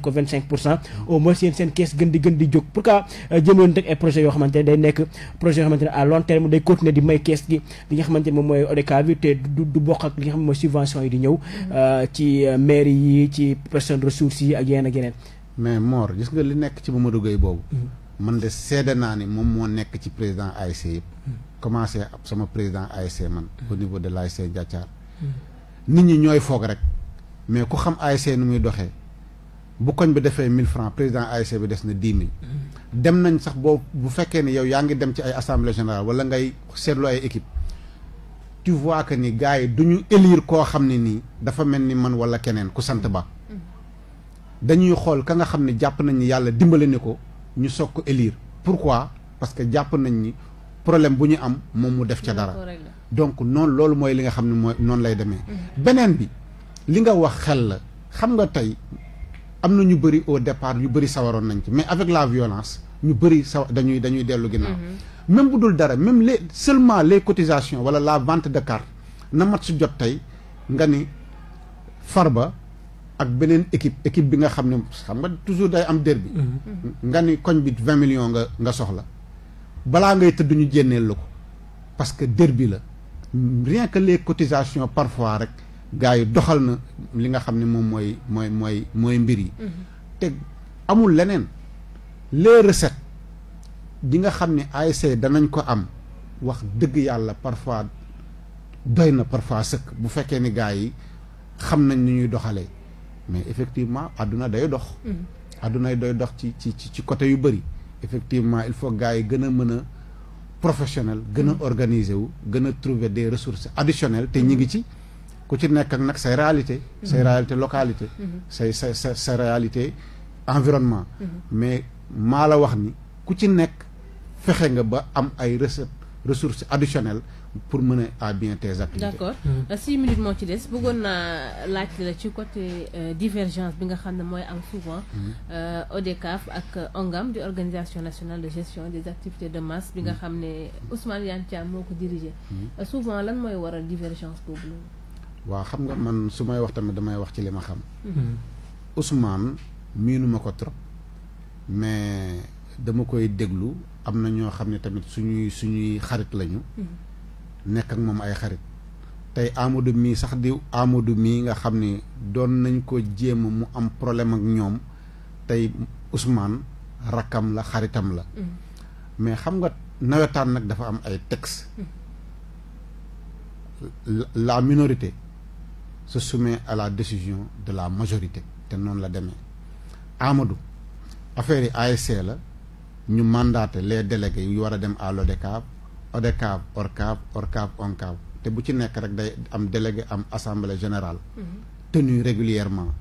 Speaker 1: ko vingt cinq pour cent au moins yéen seen kees gën di gën di jóg pourquoi jëmaloon teg ay projets yoo xamante ne day nekk projet yoo xamante ne à long terme day continuer di may kees gi li nga xamante ñëw mm.
Speaker 3: ci maire yi ci personnes ressources yi ak yeneen ak yeneen mais Mor gis nga li nekk ci Mamadou Gueye boobu mm. man de seede naa ni moom moo nekk ci président ASC yëpp commencé ab sama président ASC man au niveau de l'ASC Ndiathiar nit ñi ñooy foog rek mais ku xam ASC nu muy doxee bu koñ bi defee mille francs président ASC bi des na dix mille dem nañ sax boo bu fekkee ni yow yaa ngi dem ci ay assemblée générale wala ngay seetlu ay équipe tu vois que ni gars yi du ñu élire koo xam ne nii dafa mel ni man wala keneen ku sant ba dañuy xool ka nga xam ne jàpp nañ ni yàlla dimbale ni ko ñu soog ko élire pourquoi parce que jàpp nañ ni problème bu ñu am moom mu def ca dara donc noonu loolu mooy li nga xam ne mooy noonu lay demee mhm. beneen bi li nga wax xel la xam nga tey am na ñu bëri au départ yu bëri sawaroon nañ ci mais avec la violence ñu bëri sa dañuy dañuy dellu ginnaaw mhm. même bu dul dara même les seulement les cotisation wala la vente de carte na mat su jot tey nga ni ba ak beneen équipe équipe bi nga xam ne xam nga toujours day am derbi. Mm-hmm. nga ni koñ bi million nga nga soxla balaa ngay tëdd ñu jénneel la ko parce que derbi la rien que les parfois rek gars yi doxal na li nga xam ne moom mooy mooy mooy mooy mbir yi mm-hmm. te amul leneen les recettes di nga xam ni ASC danañ ko am wax dëgg yàlla parfois doy na parfois sëkk bu fekkee ni gars yi xam nañ ni ñuy doxalee mais effectivement adduna day dox addunay mm-hmm. day dox ci ci ci côté yu bëri effectivement il faut gars yi gën a mën a professionnel gën a mm-hmm. organiser wu gën a trouver des ressources additionnelles te ñi ngi ci ku ci nekk ak nag say réalité mm-hmm. say réalité localité say sa sa réalité environnement mais maa la wax ni ku ci nekk fexe nga ba am ay recette ressources additionnelles pour mener à bien tes activités. d'accord
Speaker 2: mmh. euh, six minutes moo ci des bëggoon naa laaj la ci côté euh, divergence bi nga xam ne mooy am souvent. Mmh. Euh, ODCAV ak ONGAM di organisation nationale de gestion des activités de masse bi nga mmh. xam ne Ousmane Yane Thiam moo ko dirigé. souvent lan mooy waral divergence boobu loolu.
Speaker 3: waaw xam nga man su may wax tamit damay wax ci li ma xam. Ousmane miinu ko trop mais dama koy déglu am na ñoo xam ne tamit suñuy suñuy xarit lañu. nekk ak moom ay xarit tey Amadou mii sax di Amadou mii nga xam ni doon nañ ko jéem mu am problème ak ñoom tey Ousmane rakkam la xaritam la. Mm. mais xam nga nawetaan nag dafa am ay tex mm. la minorité se soumet à la décision de la majorité te noonu la demee Amadou affaire yi ASC la ñu mandaté les délégués yu war a dem à l'ODCAV ODCAV ORCAV ORCAV ONCAV te bu ci nekk rek day am délégué am assemblée général
Speaker 4: mm-hmm.
Speaker 3: tenue régulièrement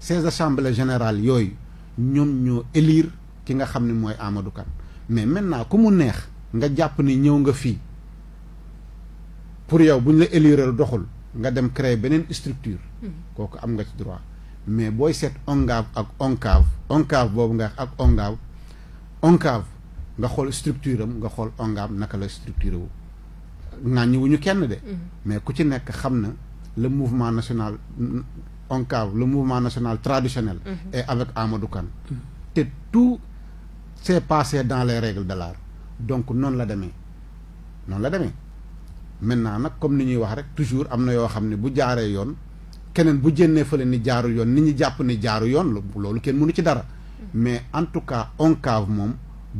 Speaker 3: ces assemblées générales yooyu ñoom ñoo élire ki nga xam ne mooy Amadou Kane mais maintenant ku mu neex nga jàpp ni ñëw nga fii pour yow bu ñu la éliral doxul nga dem créer beneen structure mm-hmm. kooku am nga ci droit mais booy seet ONCAV ak ONCAV ONCAV boobu nga ak ONCAV ONCAV nga xool structure am nga xool ongaam naka la structure wu ŋàññi wu ñu kenn de mm-hmm. mais ku ci nekk xam na le mouvement national ONCAV le mouvement national traditionnel mm-hmm. et avec Amadou Kane mm-hmm. te tout s'est passé dans les règles de l'art donc noonu la demee noonu la demee maintenant nag comme ni ñuy wax rek toujours am na yoo xam ne bu jaaree yoon keneen bu jénnee fële ni jaaru yoon ni ñu jàpp ni jaaru yoon loolu kenn mënu ci dara mais en tout cas ONCAV moom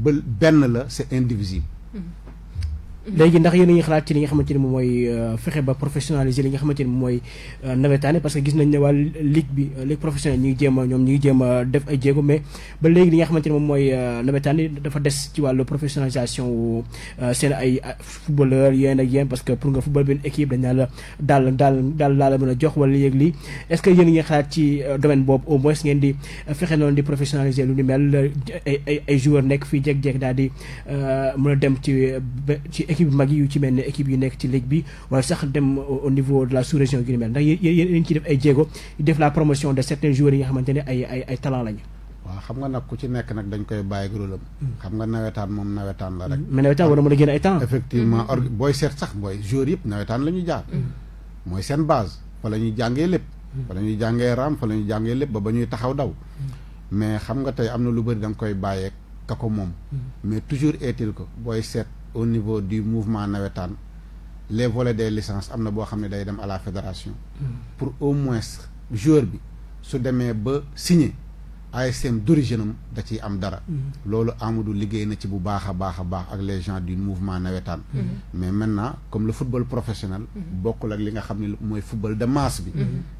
Speaker 3: benn la c'est indivisible
Speaker 4: hmm. léegi ndax yéen a
Speaker 3: ngi xalaat ci
Speaker 1: li nga xamante ni moom mooy euh, fexe ni moom mooy euh, nawetaane parce que gis nañ ne waa ligue bi euh, ligue professionnelle ñi ngi ñoom ñi ngi jéem a def mais ba léegi li nga xamante ni moom mooy nawetaane dafa des ci wàllu professionnalisation wu seen ay footballeur yéen ak yéen parce que pour nga football benn équipe dañ naa la daal daal daal laa la mën a jox wala yéeg lii est-ce que yéen xalaat ci domaine boobu au moins ngeen di fexe noonu di professionnaliser dem équipe mag yi ci mel ne équipe yu nekk ci ligue bi wala sax dem au niveau de la sous-région yu ndax yéen yéen ci def ay jéego def la promotion de certains joueurs yi nga xamante ne ay talent lañu.
Speaker 3: waaw xam nga nag ku ci nekk nag dañ koy bàyyi gërëm. Hmm. xam nga nawetaan moom nawetaan la na mën a génn ay temps. effectivement hmm. or booy seet sax booy joueurs yëpp nawetaan la ñu jaar. Hmm. mooy seen base fa la ñuy jàngee lépp. fa la jàngee raam fa la jàngee lépp ba ba ñuy taxaw daw. mais xam nga tey am na lu bëri da nga koy bàyyeek ka ko moom. mais toujours est-il que booy au niveau du mouvement nawetaan les volets des licences am na boo xam ne day dem à la fédération. Hmm. pour au moins joueur bi su demee ba signer ASM d'origine am da ciy am dara. Hmm. loolu Amadou liggéey na ci bu baax a baax a baax ak le gens du mouvement nawetaan. Hmm. mais maintenant comme le football professionnel. bokkul ak li nga xam ne mooy football de masse bi.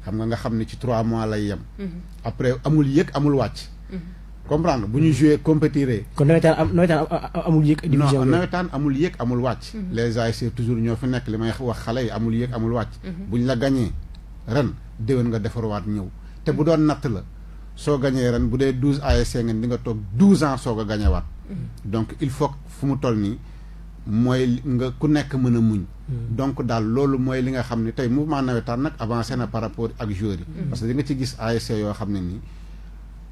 Speaker 3: xam nga nga xam ne ci trois mois lay yem. après amul yëg amul wàcc. comprendre bu ñu joué compétiré. kon nawetaan nawetaan amul yéeg. nawetaan amul yéeg amul wàcc. Mhm. les ASC toujours ñoo fi nekk li may wax xale yi amul yéeg amul wàcc. Mhm. bu ñu la gañee ren déwén nga defarwaat ñëw te bu doon natt la soo gañee ren bu dee douze ASC ngeen di nga toog douze ans soog a gañewaat. Mhm. donc il faut fu mu toll nii mooy nga ku nekk mën a muñ. donc daal loolu mooy li nga xam ne tey mouvement nawetaan nag avancé na par rapport ak joueurs yi. parce que di nga ci gis ASC yoo xam ne nii.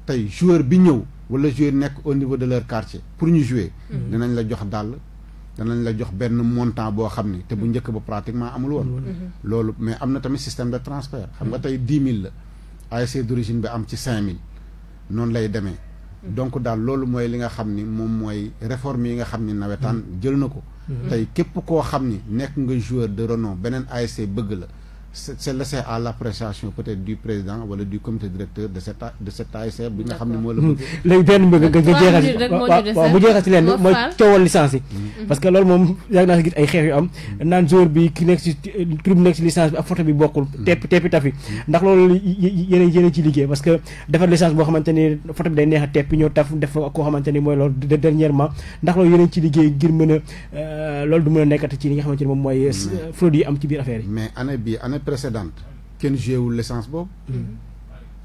Speaker 3: tey joueur bi ñëw wala joueur nekk au niveau de leur quartier pour ñu joue mm-hmm. dinañ la jox dàll. danañ la jox benn montant boo xam ni te bu njëkk ba pratiquement amul woon. Mm-hmm. loolu mais am na tamit système de transfert. xam nga mm-hmm. tey dix mille la. ASC d'origine bi am ci cinq mille noonu lay demee. donc daal loolu mooy li nga xam ni moom mooy réforme yi nga xam ni nawetaan jël na ko. tey képp koo xam ni nekk nga joueur de renom beneen ASC bëgg la. c'est laissé à l'appréciation bi nga xam ne hmm. waaw
Speaker 2: mu jeexal ci lenn mooy coowal licence hmm. parce
Speaker 1: que loolu moom yaag gis ay xeex yu am naan joueur bi ki nekk si tur nekk si licence bi ak photo bi bokkul hmm. tepp teppi tafi ndax loolu yéen ci liggéey parce que defar licence boo xamante ni bi day neex a teppi ñoo taf def koo xamante mooy loolu dernièrement ndax loolu yéen ci liggéey ngir mën a euh, loolu du mën a nekkati ci li nga xamante moom mooy
Speaker 3: fraude euh, yi am précédente kenn géewul licence boobu mm-hmm.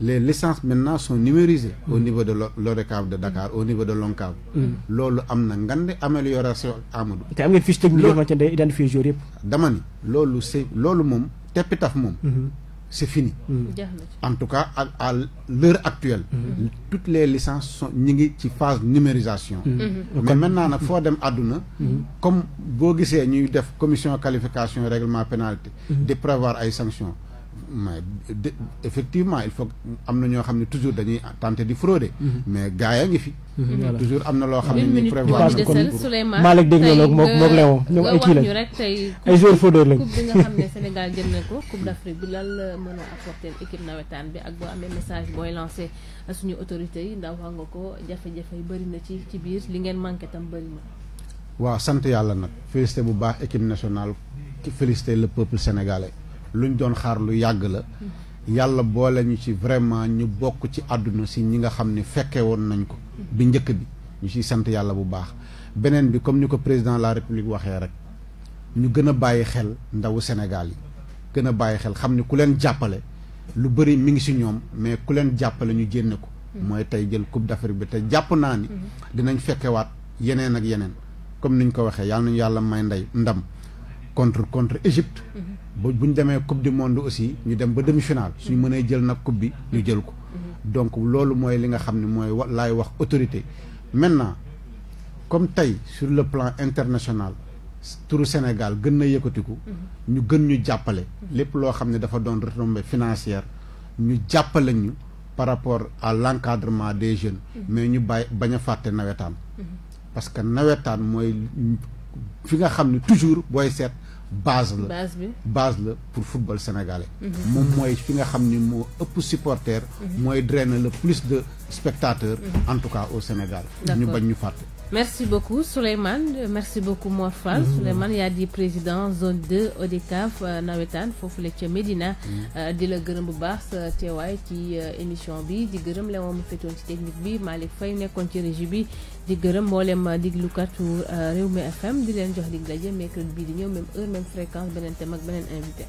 Speaker 3: les licences maintenant sont numérisées au mm-hmm. niveau de lo e de Dakar au niveau de l'ONCAV mm-hmm. loolu am na ngande amélioration Amadou te am ngeen fiche technique yoo xamante ne day identifier jour yëpp dama ni loolu c'est loolu moom teppitaf moom c'est fini. Mm. en tout cas à à l'heure actuelle. Mm. Mm. toutes les licences sont ñu ngi ci phase numérisation. Mm-hmm. mais maintenant nag foo dem àdduna. comme boo gisee ñuy def commission qualification règlement pénalité. di prévoir ay sanctions. mais effectivement il faut am na ñoo xam ne toujours dañuy tenter di frauder. Mhm. mais gars yaa ngi fi. Mhm, toujours am na loo xam ne ñu prévoir na ko Malick dégg na loog moog moog Léon ñoom ay kii lañ
Speaker 4: ay joueurs fraudeurs lañ. coupe bi nga xam ne Sénégal jël na ko
Speaker 2: coupe d'Afrique bi lan la mën a apporter équipe nawetaan bi ak boo amee message booy lancé suñu autorités yi ndax wax nga ko jafe-jafe yi bëri na ci ci biir li ngeen manqué tam bëri na.
Speaker 3: waaw sant yàlla nag félicité bu baax équipe nationale félicité le peuple sénégalais. lu luñ doon xaar lu yàgg la yàlla boole ñu ci vraiment ñu bokk ci àdduna si ñi nga xam ni fekke woon nañ ko bi njëkk bi ñu ciy sant yàlla bu baax beneen bi comme ni ko président la république waxee rek ñu gën a bàyyi xel ndawu Sénégal yi gën a bàyyi xel xam ne ku leen jàppale lu bëri mi ngi si ñoom mais ku leen jàppale ñu jénne ko mm-hmm. mooy tey jël coupe d'Afrique bi te jàpp naa ni mm-hmm. dinañ fekkewaat yeneen ak yeneen comme ni ñu ko waxee yàlla nañu yàlla may ndam contre contre Égypte. Mhm. bu bu ñu demee coupe du monde aussi ñu dem ba demi-finale suñu mhm. mënee jël nag coupe bi ñu mhm. jël ko. donc loolu mooy li nga xam ne mooy laay wax autorité. maintenant comme tey sur le plan international tour Sénégal gën na yëkkatiku. ñu gën ñu jàppale. lépp loo xam ne dafa doon retombée financière ñu jàppale ñu par rapport à l'encadrement des jeunes. mais ñu bàyyi bañ fàtte nawetaan. parce nawetaan mooy. fi nga xam ne toujours booy seet base la base bi base la pour football sénégalais. Mhm. moom mooy fi nga xam ni moo ëpp supporter. Mhm. mooy drainer la plus de spectateurs. Mhm. en tout cas au Sénégal. ñu bañ ñu fàtte.
Speaker 2: merci beaucoup Souleymane merci beaucoup Mor Fall. Souleymane yaa di président zone 2 ODCAV euh, nawetaan foofu la ca Médina. Euh, di la gërëm bu baax sa teewaay ci euh, émission bi di gërëm Léon mu fetoon ci technique bi Malick Faye nekkoon ci régie bi. di gërëm mboolem diglukatu euh, réew mi FM di leen jox dig daje mercredi bii di ñëw même heure même fréquence beneen thème ak beneen invité.